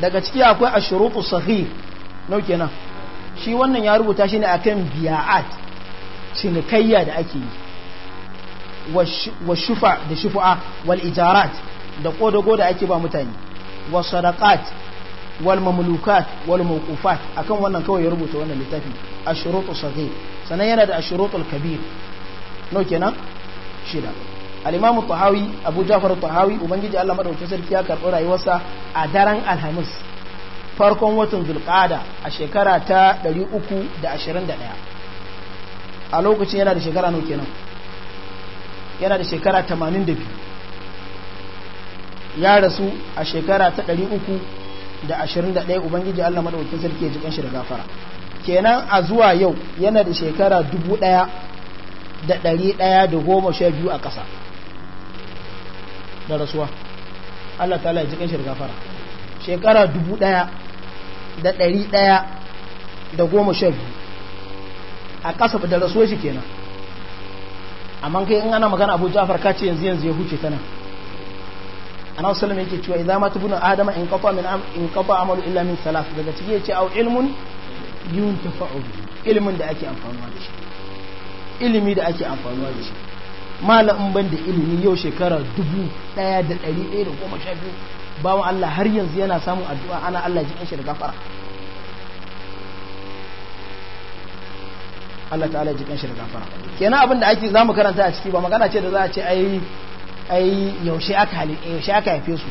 daga ciki akwai ashurutu sahih no kenan shi wannan ya rubuta shi ne akan biya'at cinikayya da ake yi wa shufa da shufa wal ijarat da kodago da ake ba mutane wa sadaqat wal mamlukat wal mawqufat akan wannan kawai ya rubuta wannan littafi ashrutu saghir sanan yana da ashrutul kabir no kenan shida al-imam tahawi abu jafar tahawi ubangiji Allah madaukakin sarki ya karbi rayuwarsa a daren alhamis farkon watan zulqada a shekara ta 321 a lokacin yana da shekara nau kenan yana da shekara 82 ya rasu a shekara ta 321 ubangiji Allah maɗaukin sarki ya ji kanshi da gafara kenan a zuwa yau yana da shekara 1112 a ƙasa da rasuwa Allah ta ya ji kanshi da gafara shekara 1112 a ƙasa da rasuwa shi kenan amma kai in ana magana abu ja'far ka ce yanzu yanzu ya huce tana ana sallallahu alaihi yake cewa idza mata bunan adama in kafa min in kafa amalu illa min salas daga ciki yace au ilmun yuntafa'u ilmin da ake amfanuwa da shi ilimi da ake amfanuwa da shi malamin ban da ilimi yau shekara dubu ɗaya da dari daya da goma sha biyu bawan Allah har yanzu yana samun addu'a ana Allah ji an shi da gafara Allah ta'ala jikin shi da gafara kenan abin da ake zamu karanta a ciki ba magana ce da za a ce ai ai yaushe aka hali yaushe aka haife su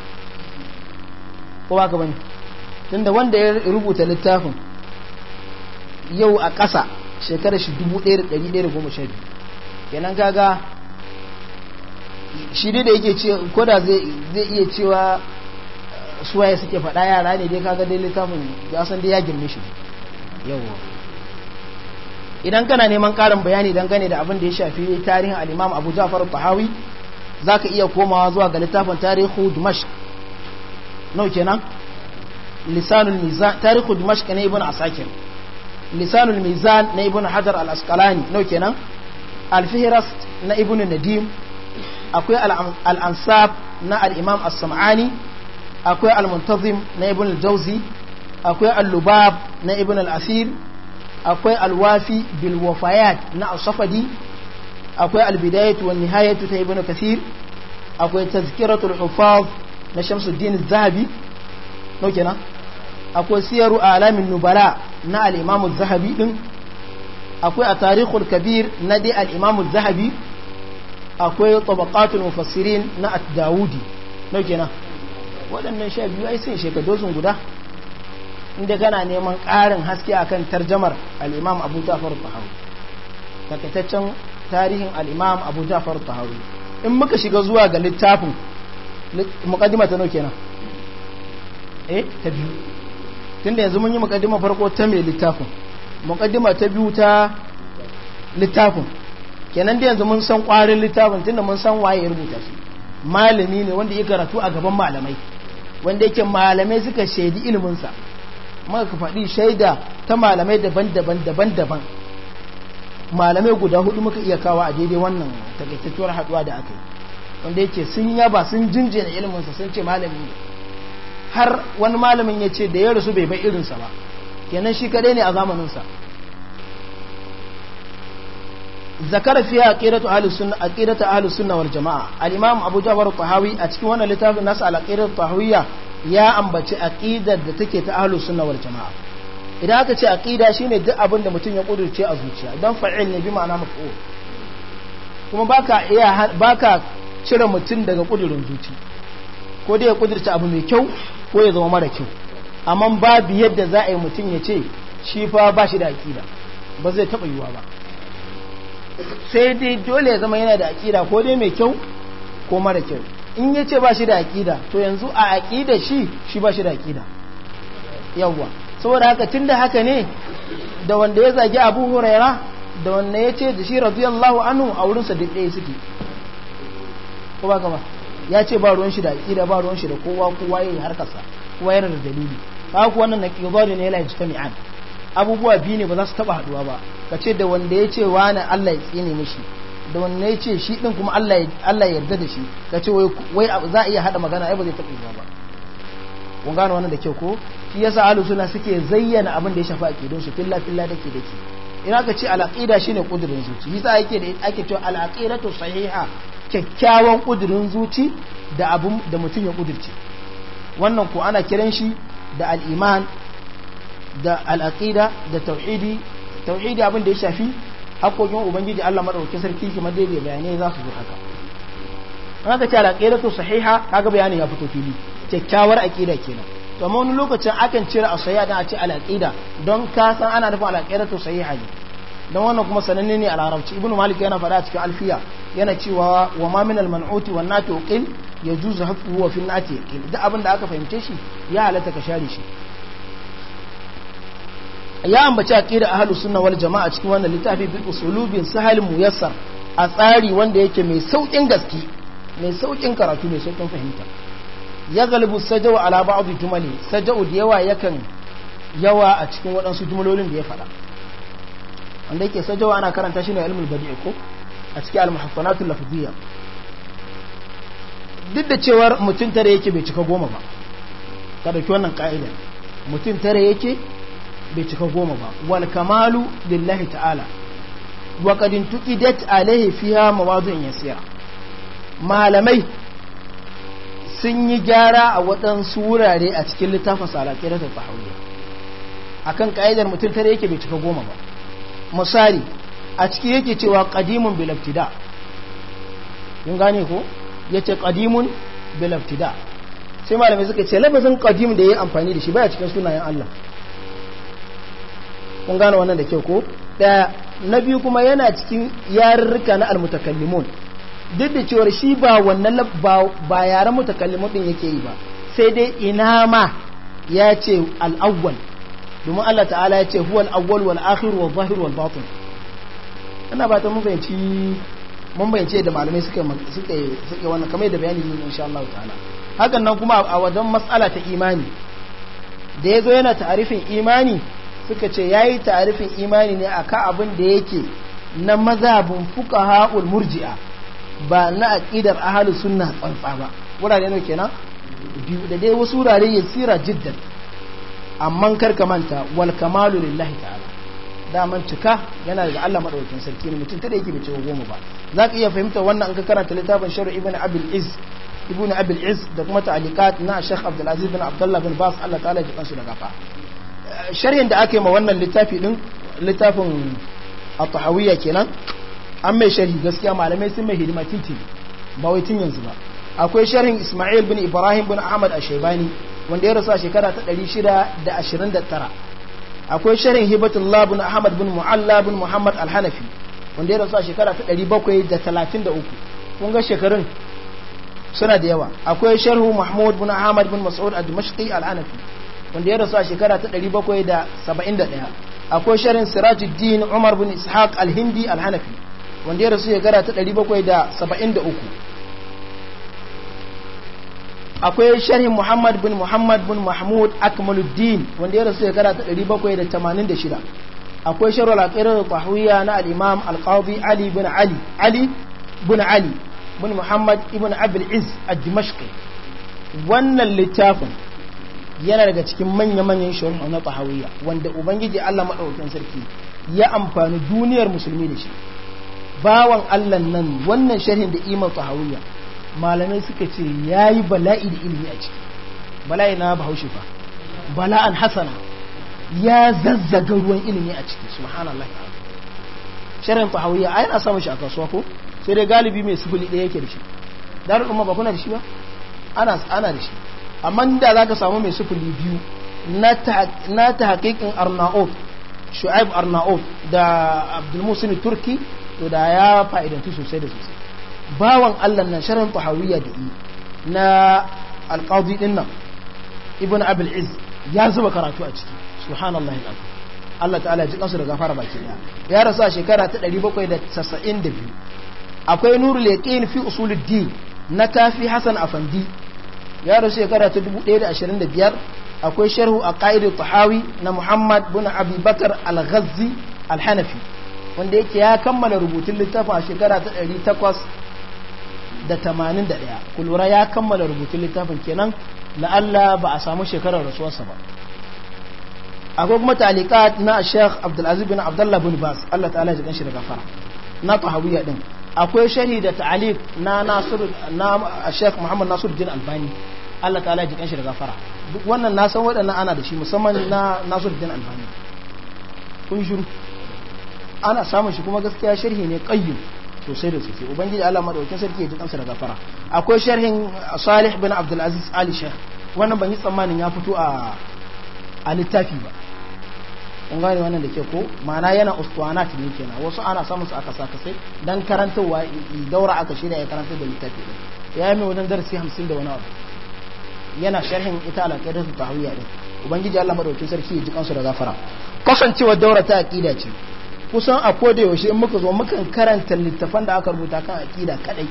ko ba ka bane tunda wanda ya rubuta littafin yau a ƙasa shekarar shi 1112 kenan kaga shi dai da yake ce ko da zai iya cewa suwaye suke faɗa yara ne dai kaga dai littafin ya san dai ya girme shi yawa idan kana neman karin bayani dangane da abin da ya shafi tarihin al-Imam Abu Ja'far al-Tahawi zaka iya komawa zuwa ga littafin Tarihu Dimashq nau kenan Lisanul Mizan Tarihu Dimashq na Ibn Asakir Lisanul Mizan na Ibn Hajar al-Asqalani nau kenan al fihrast na Ibn Nadim akwai al-Ansab na al-Imam As-Sam'ani akwai al-Muntazim na Ibn al-Jawzi akwai al-Lubab na Ibn al-Asir akwai alwafi bilwafayat na asafadi akwai albidayatu wa nihayatu ta ibnu kasir akwai tazkiratul hufaz na shamsuddin zahabi no kenan akwai siyaru alamin nubala na al-imam zahabi din akwai a tarihul kabir na dai al-imam zahabi akwai tabaqatul mufassirin na at-dawudi waɗannan sha biyu ai sun shekaru guda inda gana neman ƙarin haske akan tarjamar al’imam abu ja'far tahawi takaitaccen tarihin al’imam abu ja'far tahawi in muka shiga zuwa ga littafin muqaddima ta nauke nan eh ta biyu tunda yanzu mun yi muqaddima farko ta mai littafin muqaddima ta biyu ta littafin kenan da yanzu mun san ƙwarin littafin tunda mun san waye rubuta su malami ne wanda ya karatu a gaban malamai wanda yake malamai suka shaidi iliminsa maka faɗi shaida ta malamai daban-daban daban-daban malamai guda hudu muka iya kawo a daidai wannan takaitattuwar haɗuwa da aka yi wanda yake sun yaba sun jinjina iliminsa sun ce malami ne har wani malamin ya ce da ya rasu bai bai irinsa ba kenan shi kadai ne a zamaninsa zakara fiye ƙirata ahlus a ƙirata na wal jamaa al abu jawar tahawi a cikin wannan littafin nasa al'aƙirar aqidatu tahawiyya ya ambaci aqidar da take ta ahlus sunna wal jamaa idan aka ce aqida shine duk abin da mutum ya kudurce a zuciya dan fa'il ne bi ma'ana maf'ul kuma baka iya baka cire mutum daga kudurin zuci ko dai ya kudurce abu mai kyau ko ya zama mara kyau amma babu yadda za a yi mutum ya ce shi fa ba shi da aqida ba zai taba yiwa ba sai dai dole ya zama yana da aqida ko dai mai kyau ko mara kyau in ya ce ba shi da aƙida to yanzu a aƙida shi shi ba shi da aƙida yawwa saboda haka tun da haka ne da wanda ya zagi abu huraira da wanda ya ce da shi radiyallahu anu a wurinsa duk ɗaya suke ko ba ya ce ba ruwan shi da aƙida ba ruwan shi da kowa kowa ya yi harkarsa kowa yana da dalili ba ku wannan naƙidori ne yana jita mi'an abubuwa biyu ne ba za su taɓa haɗuwa ba ka ce da wanda ya ce wani allah ya tsine mishi da wanne ya ce shi ɗin kuma Allah ya yarda da shi ka ce wai za a iya haɗa magana ya ba zai taɓa zama ba kun gano wannan da kyau ko shi yasa alu suna suke zayyana abin da ya shafa shafi don su filla filla dake dake in aka ce al'aƙida shi shine kudurin zuci sa yake da ake cewa al'aƙida to sahiha kyakkyawan kudurin zuci da abin da mutum ya kudurce wannan ko ana kiran shi da al'iman da al'aƙida da tauhidi tauhidi abin da ya shafi hakokin ubangiji Allah madaukakin sarki ma dai bayanai za su zo haka an aka ce alaqidatu sahiha kaga bayani ya fito fili kyakkyawar aqida kenan to amma wani lokacin akan cire a dan a ce alaqida don ka san ana dafa alaqidatu sahiha ne dan wannan kuma sananne ne a larabci ibnu malik yana faɗa cikin alfiya yana cewa wa ma min al-man'uti wan nati uqil yajuzu hafu wa fi nati uqil duk abin da aka fahimce shi ya halatta ka share shi ya ambaci aqida ahlus sunna wal jamaa cikin wannan littafi bi usulubin sahal muyassar a tsari wanda yake mai saukin gaske mai saukin karatu mai saukin fahimta ya galibu sajau ala ba'dhi jumali sajau da yawa yakan yawa a cikin waɗansu jumlolin da ya faɗa wanda yake sajau ana karanta shi ne ilmul badi' ko a cikin al-muhaffanatul lafziyya duk da cewar mutum tare yake bai cika goma ba ka ki wannan ka'ida mutum tare yake bai cika goma ba wal kamalu lillahi ta'ala wa qad tuqidat alaihi fiha mawadun yasira malamai sun yi gyara a waɗansu wurare a cikin littafin da ta tahawiyya akan ka'idar mutum tare yake bai cika goma ba misali a ciki yake cewa qadimun bil ibtida kun gane ko yace qadimun bil ibtida sai malamai suka ce lafazin qadim da yayi amfani da shi baya cikin sunayen Allah kun gane wannan da kyau ko daya na biyu kuma yana cikin yarurruka na almutakallimun duk da cewar shi ba wannan ba yaren mutakallimun din yake yi ba sai dai ina ma ya ce al'awwal domin Allah ta'ala ya ce huwal awwal wal akhir wal zahir wal batin ana ba ta mun bayanci mun bayance da malamai suka suka suka wannan kamar yadda bayani ne insha Allah ta'ala hakan nan kuma a wajen mas'ala ta imani da yazo yana ta'arifin imani suka ce ya yi tarifin imani ne a abin da yake na fuka haƙul murji'a ba na a ahlus suna tsantsa ba wurare ne kenan biyu da dai wasu wurare tsira jiddan amma karka manta wal kamalu lillahi ta'ala daman cika yana daga Allah madaukakin sarki ne mutum tada yake bace goma ba za ka iya fahimta wannan an ka karanta littafin sharh ibn abul iz ibn abil iz da kuma ta'alikat na shaykh Abdul Aziz bin Abdullah bin Bas Allah ta'ala ya kansu da fa sharhin da aka yi ma wannan littafi din littafin at-tahawiyya kenan an mai sharhi gaskiya malamai sun mai hidima titi ba wai tun yanzu ba akwai sharhin Ismail bin Ibrahim bin Ahmad a shaybani wanda ya rasu a shekara ta 629 akwai sharhin Hibatullah bin Ahmad bin Mu'alla bin Muhammad Al-Hanafi wanda ya rasu a shekara ta 733 kun ga shekarun suna da yawa akwai sharhu Mahmud bin Ahmad bin Mas'ud Ad-Dimashqi Al-Hanafi wanda ya rasu a shekara ta 771 akwai sharin sirajuddin umar bin ishaq al-hindi al-hanafi wanda ya rasu shekara ta 773 akwai sharhin muhammad bin muhammad bin mahmud akmaluddin wanda ya rasu shekara ta 786 akwai sharhul aqirar qahawiyya na al-imam al-qadi ali bin ali ali bin ali bin muhammad ibn abul iz ad-dimashqi wannan littafin yana daga cikin manya-manyan shari'a na tahawiyya wanda ubangiji Allah maɗaukin sarki ya amfani duniyar musulmi da shi bawan Allah nan wannan sharhin da iman tahawiyya malamai suka ce yayi bala'i da ilimi a ciki bala'i na bahaushe fa bala'an hasana ya zazzaga ruwan ilimi a ciki subhanallah sharhin tahawiyya ai na shi a kasuwa ko sai dai galibi mai sifili ɗaya yake da shi darul umma ba kuna da shi ba ana ana da shi amma da za ka samu mai sifili biyu na ta hakikin arnaut shu'aib arnaut da abdulmusin turki to da ya fa'idantu sosai da sosai bawan allah na sharan tahawiyya da yi na alƙadi ɗin nan ibn abul'iz ya zuba karatu a ciki subhanallah Allah ta'ala ji kansu da gafara baki daya ya rasu a shekara ta 792 akwai nuru yaqin fi din na kafi hasan afandi ya rasu shekara ta biyar akwai sharhu a ƙa'idar tuhawi na muhammad bin abubakar al ghazi al-hanafi wanda yake ya kammala rubutun littafin a shekara ta 881 kulura ya kammala rubutun littafin kenan la'alla ba a samu shekarar rasuwarsa ba akwai kuma talikat na sheikh abdulaziz bin abdullah bin bas allah ta'ala ya jikan shi da fara na tahawiyya din akwai shari da ta'alif na nasiru na Sheikh Muhammad Nasiru Nasiruddin Albani Allah ta'ala ji kanshi da gafara wannan na san waɗannan ana da shi musamman na Nasiru Nasiruddin Albani kun shiru ana samun shi kuma gaskiya sharhi ne ƙayyum sosai da sosai ubangiji Allah madaukakin sarki ya ji kansa da gafara akwai sharhin Salih bin Abdulaziz Ali Sheikh wannan ban yi tsammanin ya fito a littafi ba Ƙunga ne wannan da ke ko ma'ana yana ustuwanat ne kenan wasu ana samun su aka saka sai dan karantarwa daura aka shirya ya karanta da littafi din ya yi mai wajen darasi hamsin da wani abu yana sharhin ita alaƙadar su tahawiyya din ubangiji Allah madaukakin sarki ya ji kansu da zafara kasancewa daura ta aƙida ce kusan a koda yaushe in muka zo mukan karanta littafan da aka rubuta kan aƙida kadai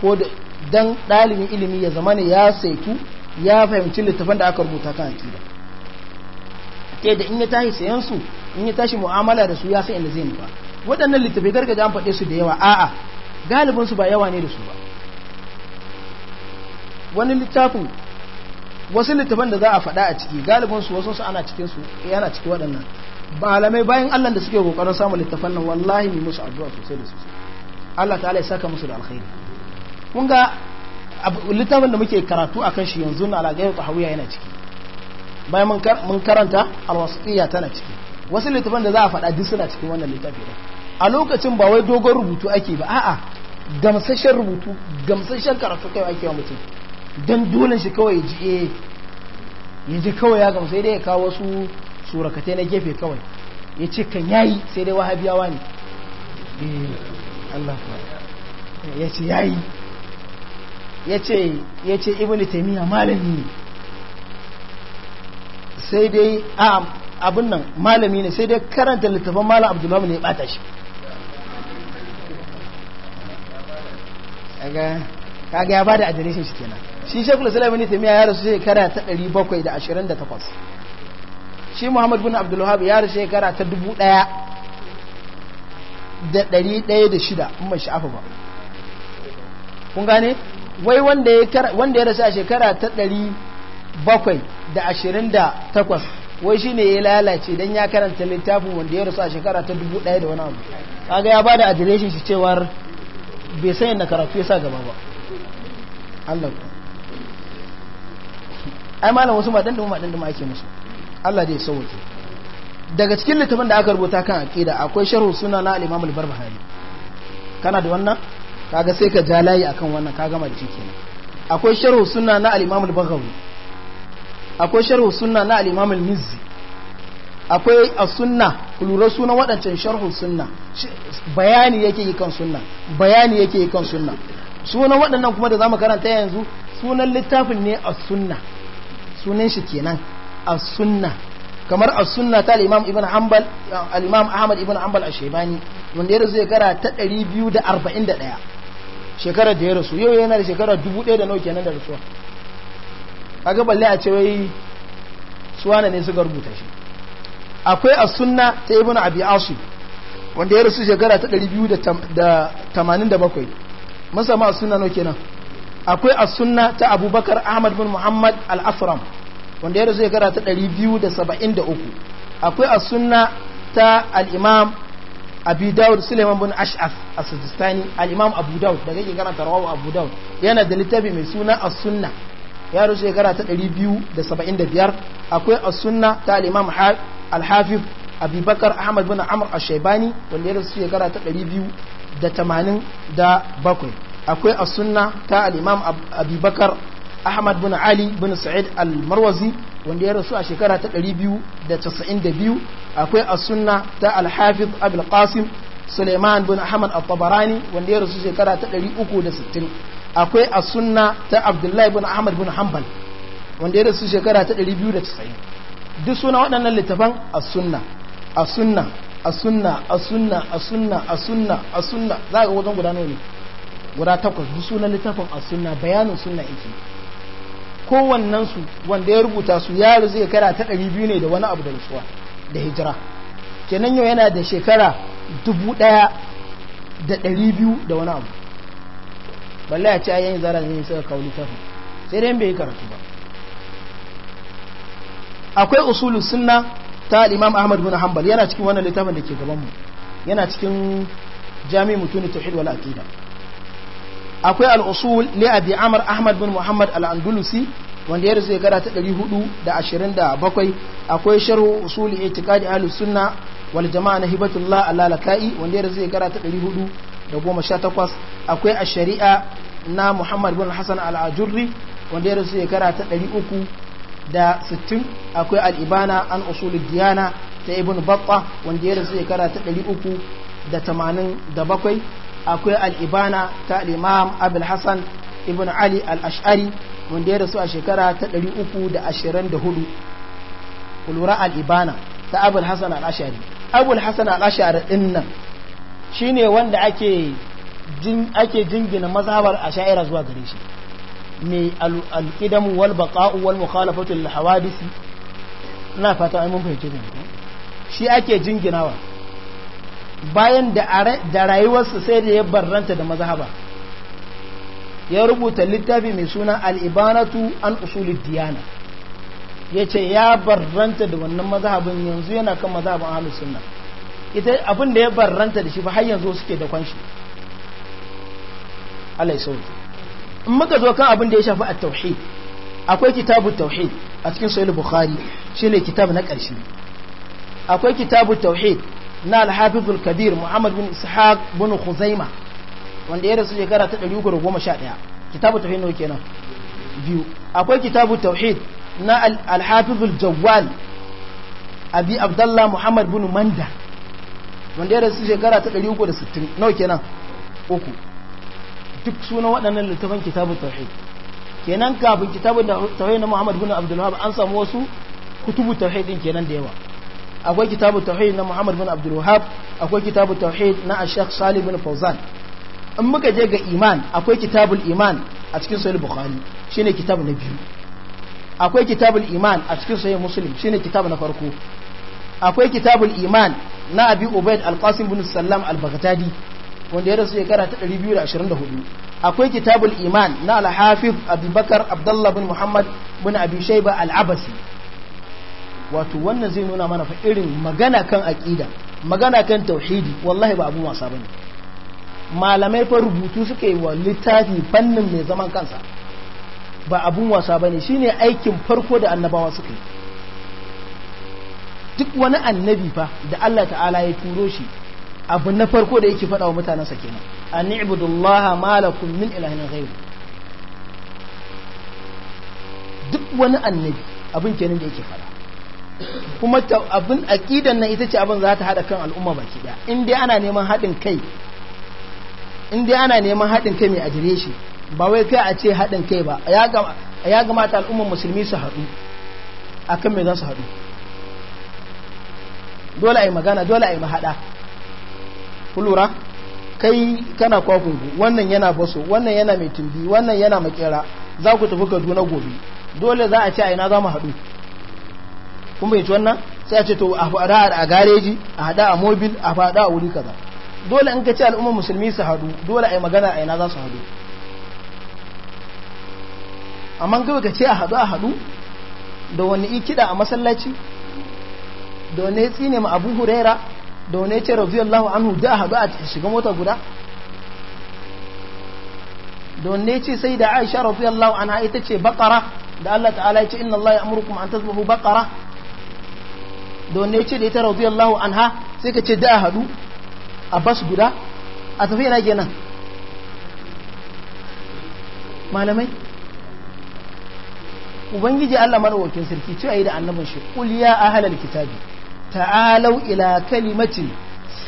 ko dan dalibin ilimi ya zama ne ya saitu ya fahimci littafan da aka rubuta kan aƙida ta da in ya tashi sayan su in ya tashi mu'amala da su ya san inda zai nufa waɗannan littafi garga an faɗe su da yawa a'a galibin su ba yawa ne da su ba wani littafin wasu littafan da za a faɗa a ciki galibin su wasu su ana cikin su eh, yana ciki waɗannan malamai bayan Allah da suke kokarin samun littafan nan wallahi mu musu addu'a sosai da sosai Allah ta'ala ya saka musu da alkhairi kun ga littafin da muke karatu akan shi yanzu na alagayyar tahawiya yana ciki bayan mun karanta alwasiya tana ciki wasu littafin da za a faɗa duk suna cikin wannan littafi a lokacin ba wai dogon rubutu ake ba a'a gamsashen rubutu gamsashen karatu kai ake wa mutum don dole shi kawai ji eh, ya ji kawai ya gamsa dai ya kawo wasu surakatai na gefe kawai ya ce kan yayi sai dai wahabiyawa ne eh, Allah ya ce yayi ya ce ibnu taymiya malami ne sai dai a abin nan malami ne sai dai karanta littafin malam abdullahi ne ya bata shi kaga ya bada adireshin shi kenan shi shekula salami ne taimiyya ya rasu shekara ta 728 shi muhammad bin Abdullahi ya rasu shekara ta 1000 da 106 in ba afa ba kun gane wai wanda ya rasu a shekara ta ɗari. bakwai da ashirin da takwas wai shi ne ya lalace don ya karanta littafin wanda ya rasu a shekara ta dubu ɗaya da wani abu kaga ya ba da adireshin shi cewar bai sanya na karatu ya sa gaba ba Allah ku ai malam wasu maɗan dama maɗan dama ake musu Allah dai sauke daga cikin littafin da aka rubuta kan aƙida akwai sharhu suna na al-Imam al-Barbahari kana da wannan kaga sai ka ja layi akan wannan ka gama da shi kenan akwai sharhu suna na al-Imam al-Baghawi akwai sharhu sunna na al-imam al-mizzi akwai a sunna lura sunan waɗancan sharhu sunna bayani yake yi kan sunna bayani yake yi kan sunna sunan waɗannan kuma da zamu karanta yanzu sunan littafin ne a sunna sunan shi kenan a sunna kamar a sunna ta al-imam ibn hanbal al-imam ahmad ibn hanbal ash-shaybani wanda ya rasu shekara ta 241 shekarar da ya rasu yau yana da shekara 1000 da nawa kenan da rasuwa kaga balle a ce wai suwana ne suka rubuta shi akwai a sunna ta ibn abi asim wanda ya rasu shekara ta 287 masa ma sunna no kenan akwai a sunna ta abubakar ahmad bin muhammad al-afram wanda ya rasu shekara ta 273 akwai a sunna ta al-imam abi daud suleiman bin ash'af a sistani al-imam abu daud daga yake gana tarawa abu daud yana da littafi mai suna a sunna ya rasu shekara ta 275 akwai as-sunna ta al-imam al-hafiz abubakar ahmad bin amr ash-shaybani wanda ya rasu shekara ta 287 akwai as-sunna ta al-imam abubakar ahmad bin ali bin sa'id al-marwazi wanda ya rasu a shekara ta 292 akwai as-sunna ta al-hafiz abul qasim suleiman bin ahmad al-tabarani wanda ya rasu shekara ta 360 akwai a sunna ta abdullahi bin ahmad bin hanbal wanda ya rasu shekara ta 290 duk suna waɗannan littafan a sunna a sunna a sunna a sunna a sunna a sunna a sunna za ga wajen guda ne guda takwas duk sunan littafin a sunna bayanin sunna yake kowannensu wanda ya rubuta su ya rasu shekara ta 200 ne da wani abu da rasuwa da hijira kenan yau yana da shekara dubu ɗaya da ɗari biyu da wani abu balle a ci a yayin zara zai suka kawo littafin sai dai bai karatu ba akwai usulu sunna ta imam ahmad bin hanbal yana cikin wannan littafin da ke gaban mu yana cikin jami'in mutuni tauhid wal aqida akwai al-usul li abi amr ahmad bin muhammad al-andalusi wanda ya rasu gara ta 427 akwai sharhu usuli itiqadi ahlus sunna wal jama'a na hibatullah al wanda ya rasu gara ta 400 da goma sha takwas akwai a shari'a na muhammad bin hassan al'ajurri wanda ya rasu shekara ta ɗari uku da sittin akwai al'ibana an usulul diyana ta ibn batta wanda ya rasu shekara ta ɗari uku da tamanin da bakwai akwai al'ibana ta al'imam abul hassan ibn ali al'ashari wanda ya rasu a shekara ta ɗari uku da ashirin da hudu kulura al'ibana ta abul hassan al'ashari abul hassan al'ashari ɗin nan Shi ne wanda ake jingina mazhabar sha'ira zuwa gare shi mai alqidamu wal baqa'u wal mukhalafatu lil hawadith ina fata ai mun fahimce ne shi ake jinginawa bayan da rayuwarsa sai da ya barranta da mazhaba ya rubuta littafi mai suna al'ibanatu an usulid diyana ya ce ya barranta da wannan mazhabin yanzu yana kan mazhabin ahlus sunna ita abin da ya barranta da shi fa har yanzu suke da kwanshi Allah ya sauke in muka zo kan abin da ya shafi a tauhid akwai kitabu tauhid a cikin sahih bukhari shine kitab na ƙarshe akwai kitabu tauhid na al-hafiz al-kabir muhammad bin ishaq bin khuzaima wanda ya rasu shekara ta 311 kitabu tauhid nawa kenan biyu akwai kitabu tauhid na al-hafiz jawwal abi abdallah muhammad bin manda wanda ya rasu shekara ta 360 nawa kenan uku duk suna waɗannan littafan kitabun tauhid kenan kafin kitabun tauhid na Muhammad bin Abdul Wahhab an samu wasu kutubu tauhid din kenan da yawa akwai kitabun tauhid na Muhammad bin Abdul Wahhab akwai kitabun tauhid na Sheikh Salih bin Fawzan in muka je ga iman akwai kitabul iman a cikin sahih bukhari shine kitab na biyu akwai kitabul iman a cikin sahih muslim shine kitab na farko akwai kitabul iman na abi ubaid alqasim bin sallam al wanda ya rasu shekara ta 224 akwai kitabul iman na alhafiz abubakar abdullah bin muhammad bin abi shayba al-abasi wato wannan zai nuna mana fa irin magana kan aqida magana kan tauhidi wallahi ba abun wasa bane malamai fa rubutu suka yi wa littafi fannin mai zaman kansa ba abun wasa bane shine aikin farko da annabawa suka yi duk wani annabi fa da Allah ta'ala ya turo shi abu na farko da yake faɗa wa mutanensa kenan an ibudullaha malakum min ilahin ghairu duk wani annabi abin kenan da yake faɗa kuma abin aqidan nan ita ce abin za ta hada kan al'umma baki daya in dai ana neman haɗin kai in dai ana neman haɗin kai mai ajire shi ba wai kai a ce haɗin kai ba ya ya gamata al'umma musulmi su haɗu akan me za su haɗu dole a yi magana dole a yi mahaɗa kulura kai kana kwakungu wannan yana baso wannan yana mai tumbi wannan yana makera za ku tafi ka duna gobe dole za a ce a yi na za mu haɗu kuma bai wannan sai a ce to a faɗa a gareji a haɗa a mobil a faɗa a wuri kaza dole in ka ce al'ummar musulmi su haɗu dole a yi magana a yi na za su haɗu amma kawai ka ce a haɗu a haɗu da wani ikida a masallaci da wani ya tsine ma abu huraira da wani ya ce radiyallahu anhu da haɗu a shiga mota guda da wani ce sai da aisha radiyallahu anha ita ce bakara da Allah ta'ala ya ce inna Allah ya amurkum an tasbahu bakara da wani ce da ita radiyallahu anha sai ka ce da haɗu a bas guda a tafiya na gina malamai ubangiji Allah marawakin sarki ce a yi da annabin shi kuliya a halar kitabi ta'alau ila kalimatin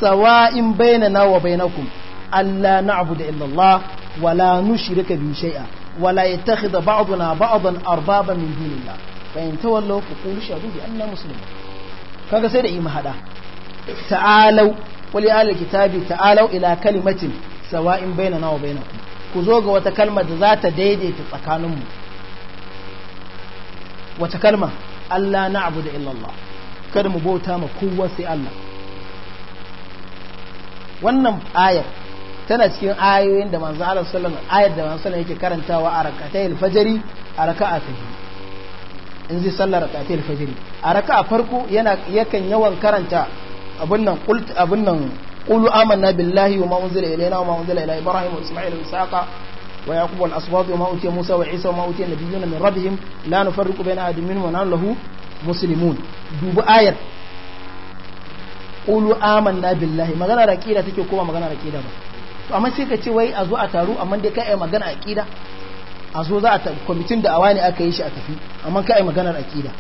sawa'in bainana wa bainakum alla na'budu illallah wa la nushrika bi shay'a wa la yattakhidha ba'duna ba'dan arbaba min dunillah fa in tawallaw fa qulu shahadu bi anna muslimun kaga sai da yi mahada ta'alau wa li ahli kitabi ta'alau ila kalimatin sawa'in bainana wa bainakum ku zo ga wata kalma da za ta daidaita tsakaninmu wata kalma Allah na abu da illallah kada mu bauta ma kowa sai Allah wannan ayar tana cikin ayoyin da manzo Allah sallallahu alaihi ayar da manzo sallallahu yake karantawa a rak'atayil fajri a raka'a ta in zai sallar rak'atayil fajri a farko yana yakan yawan karanta abun nan qult abun nan qulu amanna billahi wa ma unzila ilayna wa ma unzila ila ibrahim wa isma'il wa isaqa wa yaqub wal wa ma utiya musa wa isa wa ma utiya nabiyyuna min rabbihim la nufarriqu bayna ahadin minhum wa nahnu lahu muslimun dubu ayar qulu amanna billahi magana da take kuma magana da aqida ba to amma sai ka ce wai a zo a taru amma dai kai magana aqida a zo za a ta kwamitin da awani aka yi shi a tafi amma kai maganar aqida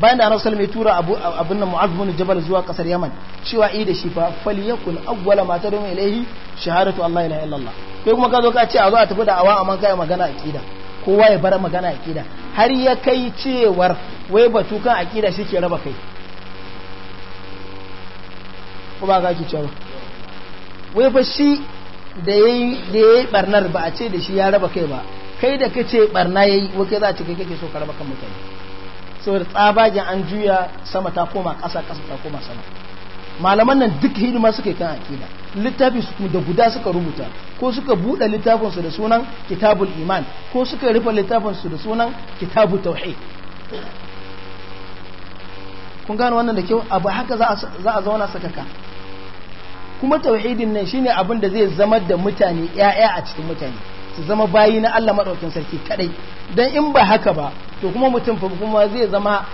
bayan da rasul ya tura abu abun nan mu'adh bin jabal zuwa kasar yaman cewa i da shi fa falyakun awwala ma tadum ilayhi shahadatu allah ilaha illallah kai kuma ka zo ka ce a zo a tafi da awa amma kai magana aqida kowa ya bar magana aqida har ya kai cewar wai batu kan akida shi ke raba kai ko ba ka ki cewa wai fa shi da yayi da yayi barnar ba a ce da shi ya raba kai ba kai da kace barna yayi wai kai za ta kai kake so ka raba kan mutane saboda tsabagen an juya sama ta koma ƙasa ƙasa ta koma sama malaman nan duk hidima suka kan akida littafi su da guda suka rubuta ko suka buɗe littafinsu da sunan kitabul iman ko suka rufe littafinsu da sunan kitabul tauhid kun gane wannan da kyau abu haka za a zauna sakaka kuma tauhidin nan shine abin da zai zama da mutane ƴaƴa a cikin mutane su zama bayi na Allah madaukakin sarki kadai dan in ba haka ba to kuma mutum fa kuma zai zama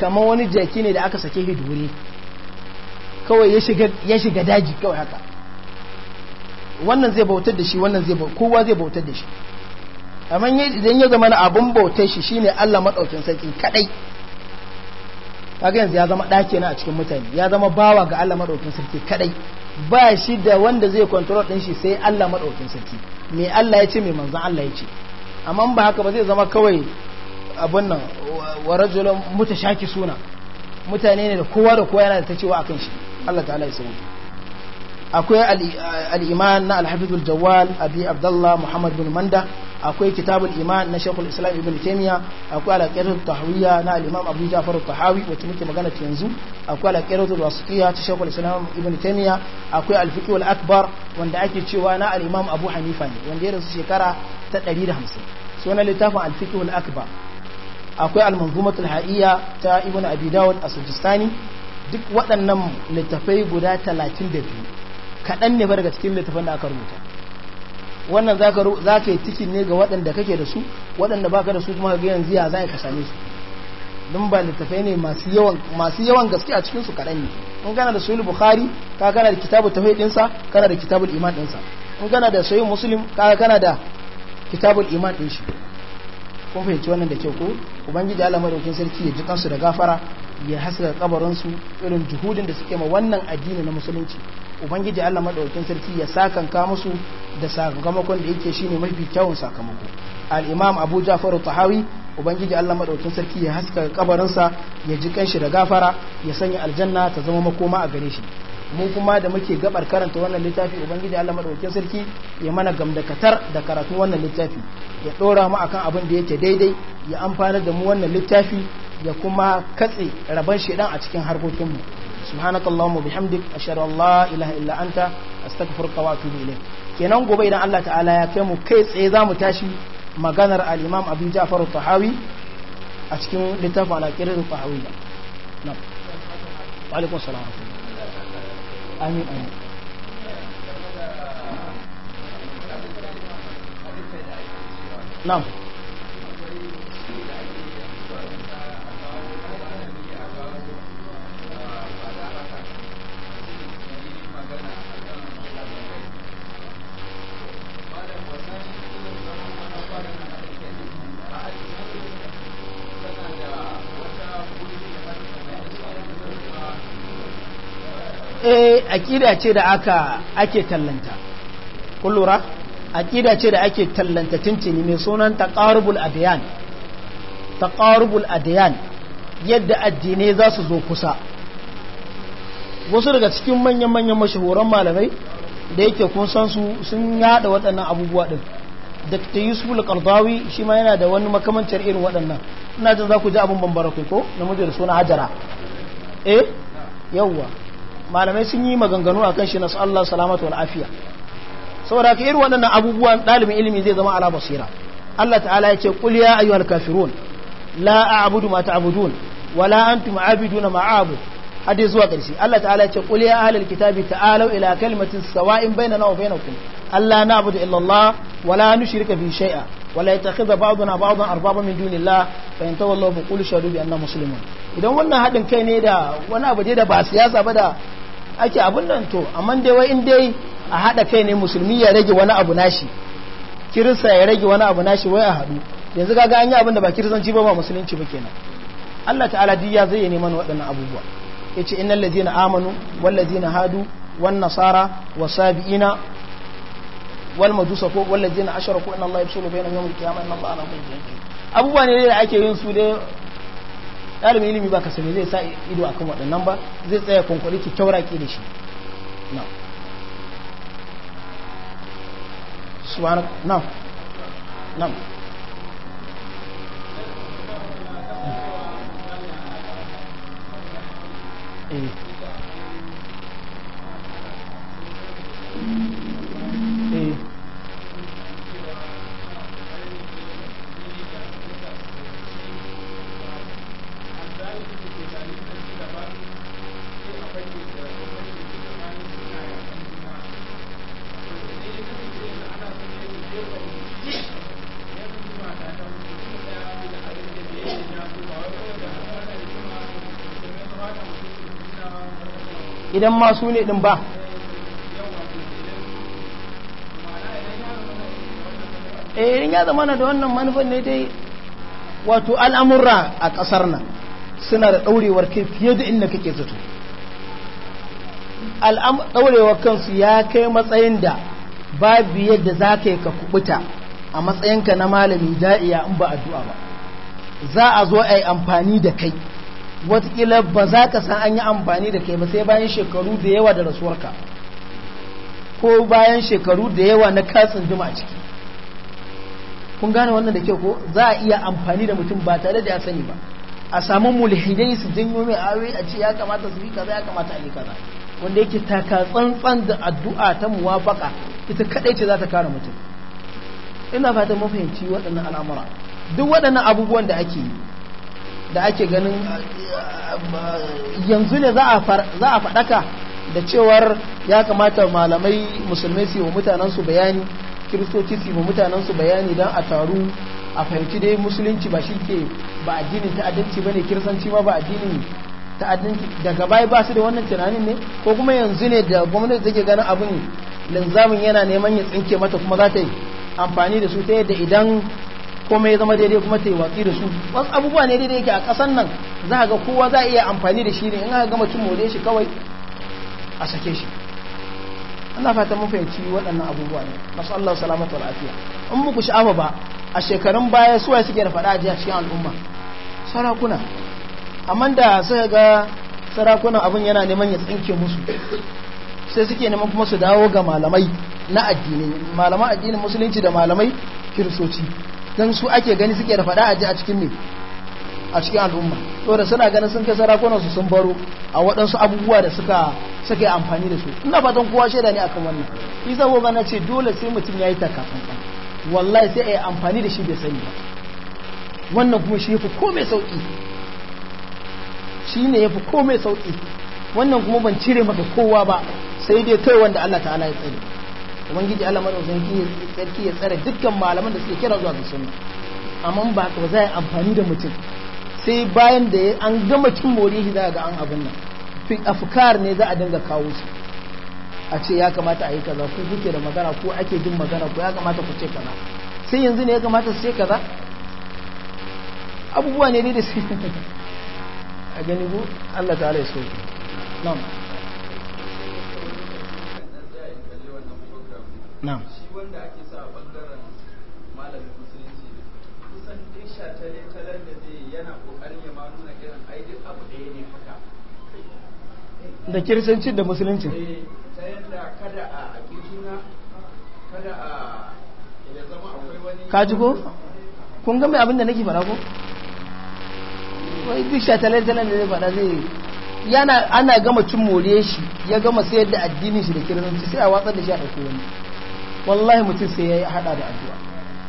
kamar wani jaki ne da aka sake hidure kawai ya shiga ya shiga daji kawai haka wannan zai bautar da shi wannan zai kowa zai bautar da shi amma idan ya zama na abin bautar shi shine Allah madaukakin sarki kadai kaga yanzu ya zama ɗaki na a cikin mutane ya zama bawa ga Allah maɗaukin sarki kadai ba shi da wanda zai control ɗin shi sai Allah maɗaukin sarki me Allah ya ce me manzan Allah ya ce amma ba haka ba zai zama kawai abin nan wa rajulun mutashaki suna mutane ne da kowa da kowa yana da ta cewa akan shi Allah ta'ala ya sauke akwai al na al-hafiz al-jawwal abi abdullah muhammad bin manda akwai kitabul iman na shekul islam ibn taimiyya akwai alaƙirar tahawiyya na al'imam abu jafar tahawi wacce muke magana ta yanzu akwai alaƙirar wasuƙiya ta shekul islam ibn taimiyya akwai alfiƙi akbar wanda ake cewa na al'imam abu hanifa ne wanda ya rasu shekara ta ɗari da 150 sunan littafin alfiƙi akbar akwai almanzumatul ha'iyya ta ibn abi dawud as-sijistani duk waɗannan littafai guda talatin da biyu kaɗan ne ba daga cikin littafan da aka rubuta wannan za ka yi tikin ne ga waɗanda kake da su waɗanda baka da su kuma ga yanzu ya za ka same su don ba littafai ne masu yawan gaske a cikinsu kaɗan ne in gana da sahih bukhari ka gana da kitabu tafai ɗinsa kana da kitabul iman ɗinsa in gana da sahih muslim ka gana da kitabul iman ɗin shi kun fahimci wannan da kyau ko ubangiji Allah madaukin sarki ya ji kansu da gafara ya haska kabarin su irin juhudin da suke ma wannan addini na musulunci ubangiji Allah maɗaukin sarki ya ka musu da sakamakon da yake shine mafi kyawun sakamako Al'imam imam Abu Ja'far tahawi ubangiji Allah maɗaukin sarki ya haska kabarinsa ya ji kanshi da gafara ya sanya aljanna ta zama makoma a gare shi mu kuma da muke gabar karanta wannan littafi ubangiji Allah maɗaukin sarki ya mana gamdakatar da karatu wannan littafi ya ɗora mu akan abin da yake daidai ya amfanar da mu wannan littafi ya kuma katse shi shedan a cikin harkokin mu subhanakallahumma bihamdik ashhadu an la ilaha kenan gobe idan Allah ta'ala ya kai mu kai tsaye mu tashi maganar al-imam Abu Ja'far al-Tahawi a cikin littafin al-Aqidar al-Tahawi na amin amin na'am aƙida ce da aka ake tallanta kun lura aƙida ce da ake tallanta ne mai sunan taqarubul adiyan taqarubul adiyan yadda addinai za su zo kusa wasu daga cikin manyan-manyan mashahuran malamai da yake kun san su sun yada waɗannan abubuwa ɗin dr yusuf al-qardawi shi ma yana da wani makamancin irin waɗannan ina jin za ku ji abin bambara ko na da suna hajara eh yawwa malamai sun yi maganganu akan shi nasu Allah salamatu wal afiya saboda ka irin waɗannan abubuwan ɗalibin ilimi zai zama ala basira Allah ta'ala ya ce qul ya ayyuhal kafirun la a'budu ma ta'budun wa la antum a'biduna ma a'budu hadi zuwa ƙarshe Allah ta'ala ya ce qul ya ahlal kitabi ta'alu ila kalimatin sawa'in bainana wa bainakum alla na'budu illa Allah wa la nushrika bi shay'a wa la yattakhidha ba'duna ba'dan arbaba min dunillah fa in tawallaw fa qul shahadu bi anna muslimun idan wannan hadin kai ne da wani abu da ba siyasa ba da ake abin nan to amma dai wai in dai a haɗa kai ne musulmi ya rage wani abu nashi kirista ya rage wani abu nashi wai a haɗu yanzu ga ganye abin da ba kiristanci ba ba musulunci ba kenan Allah ta'ala ya zai yi neman waɗannan abubuwa yace innal ladzina amanu wal ladzina hadu wan nasara wasabiina wal majusa ko wal ladzina asharaku inna Allah yafsulu bainahum yawm al-qiyamah inna Allah ala kulli shay'in abubuwa ne da ake yin su dai ɗalibin ilimi ba kasance zai sa ido akan waɗannan ba zai tsaya kwankwari kyakkyawar da shi na, na. eh idan ma su ne din ba eh in ya zama na da wannan manufan ne dai wato al'amurra a ƙasar nan suna da ɗaurewar kai fiye da inda kake zato ɗaurewar kansu ya kai matsayin da babu yadda za ka yi ka kubuta a matsayinka na malami da'iya in ba addu'a ba za a zo a yi amfani da kai watakila ba za ka san an yi amfani da kai ba sai bayan shekaru da yawa da rasuwarka ko bayan shekaru da yawa na katsin jima a ciki kun gane wannan da kyau ko za a iya amfani da mutum ba tare da ya sani ba a samu mulhidai su janyo mai aure a ce ya kamata su yi kaza ya kamata a yi kaza wanda yake taka tsantsan da addu'a ta muwafaka ita kadai ce za ta kare mutum ina fatan mafahimci waɗannan al'amura duk waɗannan abubuwan da ake da ake ganin yanzu ne za a faɗaka da cewar ya kamata malamai musulmai su yi wa mutanensu bayani kiristoci su yi wa mutanensu bayani don a taru a fahimci dai musulunci ba shi ke ba addinin ta'addanci ba ne kiristanci ma ba addinin ta'addanci daga baya ba su da wannan tunanin ne ko kuma yanzu ne da gwamnati take ganin abin linzamin yana neman ya tsinke mata kuma za ta yi amfani da su ta yadda idan komai ya zama daidai kuma ta yi watsi da su wasu abubuwa ne daidai yake a ƙasan nan za a ga kowa za a iya amfani da shi ne in aka gama cin mode shi kawai a sake shi ana fatan mun fahimci waɗannan abubuwa ne masu Allah salamatu wa lafiya in muku sha'awa ba a shekarun baya suwa suke da faɗa a cikin al'umma sarakuna amma da suka ga sarakunan abin yana neman ya tsinke musu sai suke neman kuma su dawo ga malamai na addini malaman addinin musulunci da malamai kiristoci don su ake gani suke da fada aji a cikin ne a cikin al'umma da suna ganin sun kai sarakunan su sun baro a waɗansu abubuwa da suka suka yi amfani da su ina fatan kowa shaida ne akan wannan isa ko na ce dole sai mutum ya takafan takafin wallahi sai a yi amfani da shi bai sani ba wannan kuma shi yafi komai sauki shi ne yafi komai sauki wannan kuma ban cire maka kowa ba sai dai kai wanda Allah ta'ala ya tsare ubangiji Allah madaukakin tsarki ya tsare dukkan malaman da suke kira zuwa ga sunna amma ba ka ba za a amfani da mutum sai bayan da an gama cin mori shi za ga an abin nan afkar ne za a dinga kawo su a ce ya kamata a yi kaza ko kuke da magana ko ake jin magana ko ya kamata ku ce kaza sai yanzu ne ya kamata su ce kaza abubuwa ne dai da su a gani ko Allah ta'ala ya so na'am na'am shi wanda ake sa da zai da kirsanci da musulunci eh, ta yadda a a ya ko kun ga mai abin nake fara ko wai duk shatale da zai fara zai yana ana gama cin more shi ya gama sayar da addinin shi da kirsanci sai a watsar da shi a ɗauki wani wallahi mutum sai ya yi hada da addu'a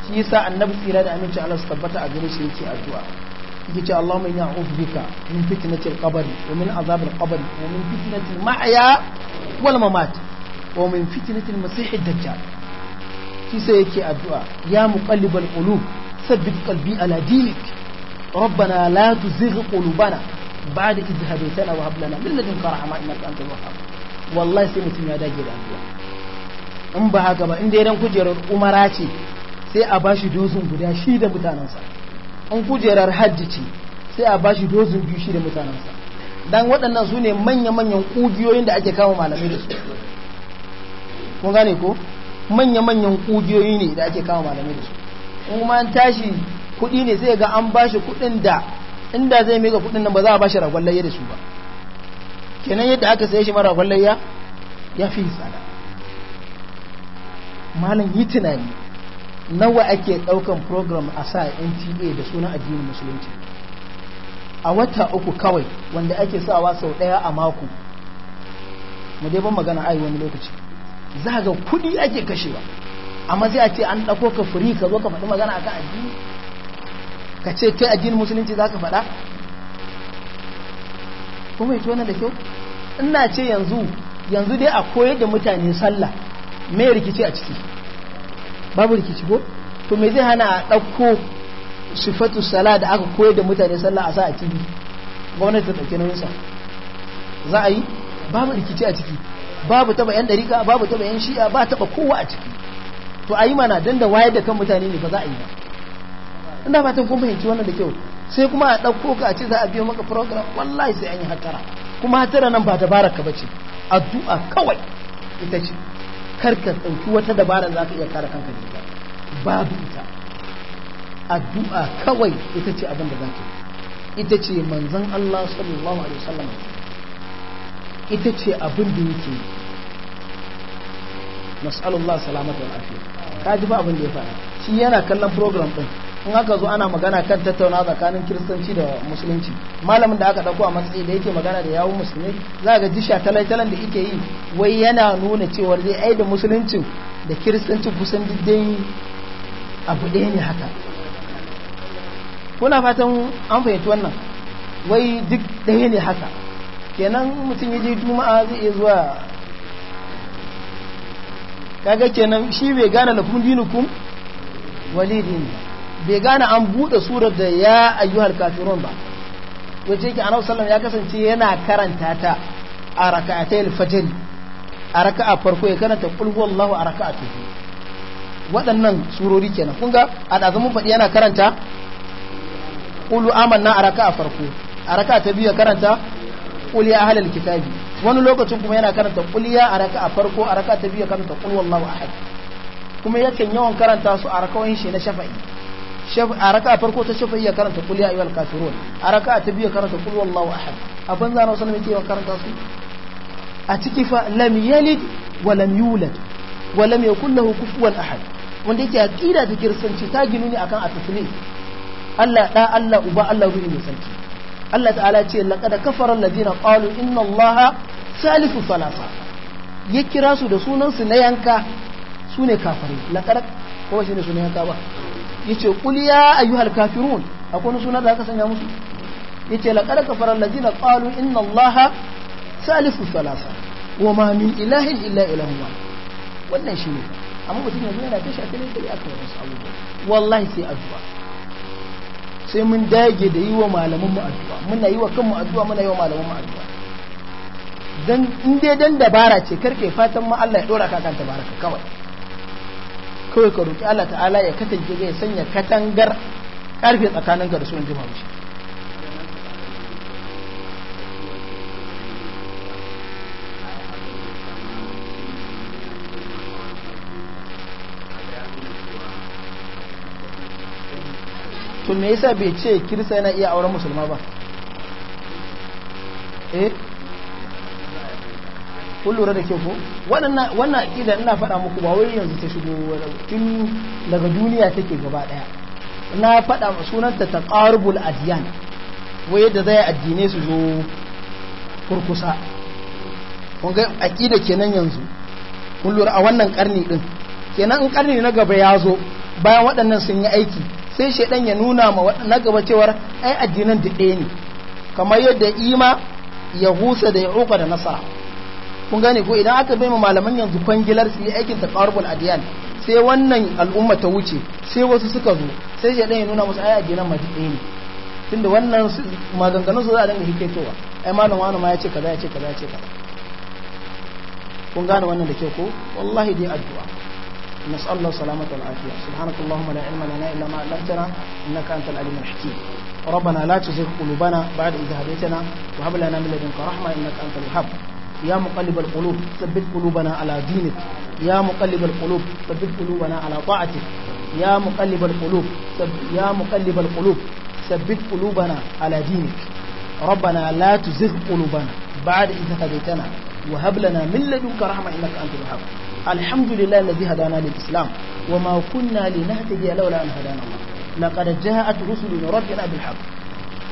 shi yasa annabi tsira da aminci Allah su tabbata a gare shi yake addu'a yake ce Allahumma inna a'udhu bika min fitnatil qabri wa min azabil qabri wa min fitnatil ma'ya wal mamat wa min fitnatil masiihid dajjal shi sai yake addu'a ya muqallibal qulub sabbit qalbi ala dinik ربنا لا تزغ قلوبنا بعد إذ هديتنا وهب لنا من لدنك رحمة إنك أنت الوهاب والله سمعت من هذا جل in ba haka ba in dai dan kujerar umara ce sai a bashi dozin guda shi da mutanensa in kujerar hajji ce sai a bashi dozin biyu shi da mutanensa dan waɗannan su ne manya-manyan ƙugiyoyin da ake kama malamai da su kun gane ko manya-manyan ƙugiyoyi ne da ake kama malamai da su in kuma an tashi kuɗi ne sai ga an bashi kuɗin da inda zai mega kuɗin nan ba za a bashi ragon da su ba kenan yadda aka saye shi mara ragwallayya ya fi tsada malam yi tunani nawa ake ɗaukan program a sa nta da sunan addinin musulunci a wata uku kawai wanda ake sawa sau ɗaya a mako mu dai ban magana ai wani lokaci za ga kuɗi ake kashewa amma zai a ce an ɗauko ka firi ka zo ka faɗi magana akan addini ka ce kai addinin musulunci za ka faɗa kuma ito wannan da kyau ina ce yanzu yanzu dai a koyar da mutane sallah Mai rikici a ciki babu rikici ko to me zai hana a ɗauko sifatu sala da aka koyar da mutane sallah a sa a ciki gwamnati ta ɗauki nauyinsa za a yi babu rikici a ciki babu taba yan ɗarika babu taba yan shi'a ba taba kowa a ciki to a yi mana don da wayar da kan mutane ne ba za a yi ba ina fatan kun fahimci wannan da kyau sai kuma a ɗauko ka a ce za a biyo maka program wallahi sai an yi hatara kuma hatara nan ba dabara ka bace addu'a kawai ita ce kar ka ɗauki wata dabara za ka iya kare kanka da ita babu ita addu'a kawai ita ce abin da za ka ita ce manzon Allah sallallahu alaihi wasallam ita ce abin da yake nas'alullah salamata wa afiya ka ji ba abin da ya fara? shi yana kallon program din in aka zo ana magana kan tattauna tsakanin kiristanci da musulunci malamin da aka dauko a matsayi da yake magana da yawun musulmi za ga jisha talaitalan da yake yi wai yana nuna cewa zai ai da musuluncin da kiristanci kusan diddin abu ɗaya ne haka kuna fatan an fahimci wannan wai duk ɗaya ne haka kenan mutum ya je juma'a zai iya zuwa kaga kenan shi bai gane lakum dinukum walidin ne. bai gane an bude surar da ya ayyuhal kafirun ba wace yake anau sallam ya kasance yana karanta ta a raka'atayil fajr a raka'a farko ya karanta qul huwallahu a raka'atu waɗannan surori kenan kun ga a ɗazumin faɗi yana karanta qulu amanna a raka'a farko a raka'a ta biyu ya karanta qul ya ahlal kitabi wani lokacin kuma yana karanta qul ya a raka'a farko a raka'a ta biyu ya karanta qul a ahad kuma yakan yawan karanta su a rakawoyin shi na shafa'i a raka'a farko ta shafa'i ya karanta kul ya ayyuhal kafirun a raka'a ta biyu ya karanta kul wallahu ahad a banza na wasallam yake karanta su a ciki fa lam yalid wa lam yulad wa lam yakul lahu kufuwan ahad wanda yake aqida ta kirsanci ta ginu ne akan at-taslim Allah da Allah uba Allah ruhi mai sarki Allah ta'ala ce laqad kafara alladhina qalu inna allaha salifu salasa ya kira su da sunan su na yanka su ne kafirai laqad ko shi ne sunan yanka ba yace qul ya ayyuhal kafirun akwai suna da aka sanya musu yace laqad kafara allazina qalu inna allaha salisu salasa wa ma min ilahin illa ilahun wahid wannan shi ne amma mutum yanzu yana ta shafi ne da aka yi wasu abubuwa wallahi sai addu'a sai mun dage da yi wa malaman mu addu'a muna yi wa kanmu addu'a muna yi wa malaman mu addu'a dan in dai dan dabara ce karke fatan ma Allah ya dora ka kan tabaraka kawai kawai ka roƙi Allah ta'ala ya katange ya sanya katangar karfe tsakanin ka da su in to me yasa bai ce kirista yana iya auren musulma ba eh kun lura da ke ko wannan akida ina faɗa muku ba wai yanzu ta shigo tun daga duniya take gaba ɗaya na faɗa sunanta ta taqarubul adyan wai yadda zai addinai su zo kurkusa kun ga akida kenan yanzu kun lura a wannan karni ɗin kenan in karni na gaba ya zo bayan waɗannan sun yi aiki sai shaidan ya nuna ma na gaba cewar ai addinan da ɗaya ne kamar yadda ima ya husa da ya da nasara kun gane ko idan aka bai malaman yanzu kwangilar su yi aikin taqarrubul adiyan sai wannan al'umma ta wuce sai wasu suka zo sai shedan ya nuna musu ayi adinan madina ne tunda wannan maganganun su za a dinga hikaitowa ai malam wani ma ya ce kaza ya ce kaza ya ce kaza kun gane wannan da ke ko wallahi dai addu'a نسأل الله سلامة والعافية سبحانك اللهم لا علم لنا إلا ما علمتنا إنك أنت العليم الحكيم ربنا لا تزغ قلوبنا بعد إذ هديتنا وهب لنا من لدنك رحمة إنك أنت الوهاب ya muƙalibar ƙulub tsabbit ƙulubana ala dinik ya muƙalibar ƙulub tsabbit ƙulubana ala ƙwa'atik ya muƙalibar ƙulub ya muƙalibar ala dinik rabbana la tuzigh qulubana ba'da idh hadaytana wa hab lana min ladunka rahmatan innaka antal wahhab alhamdulillahi alladhi hadana lil islam wa ma kunna linahtadiya lawla an hadana allah laqad ja'at rusulun na bil haqq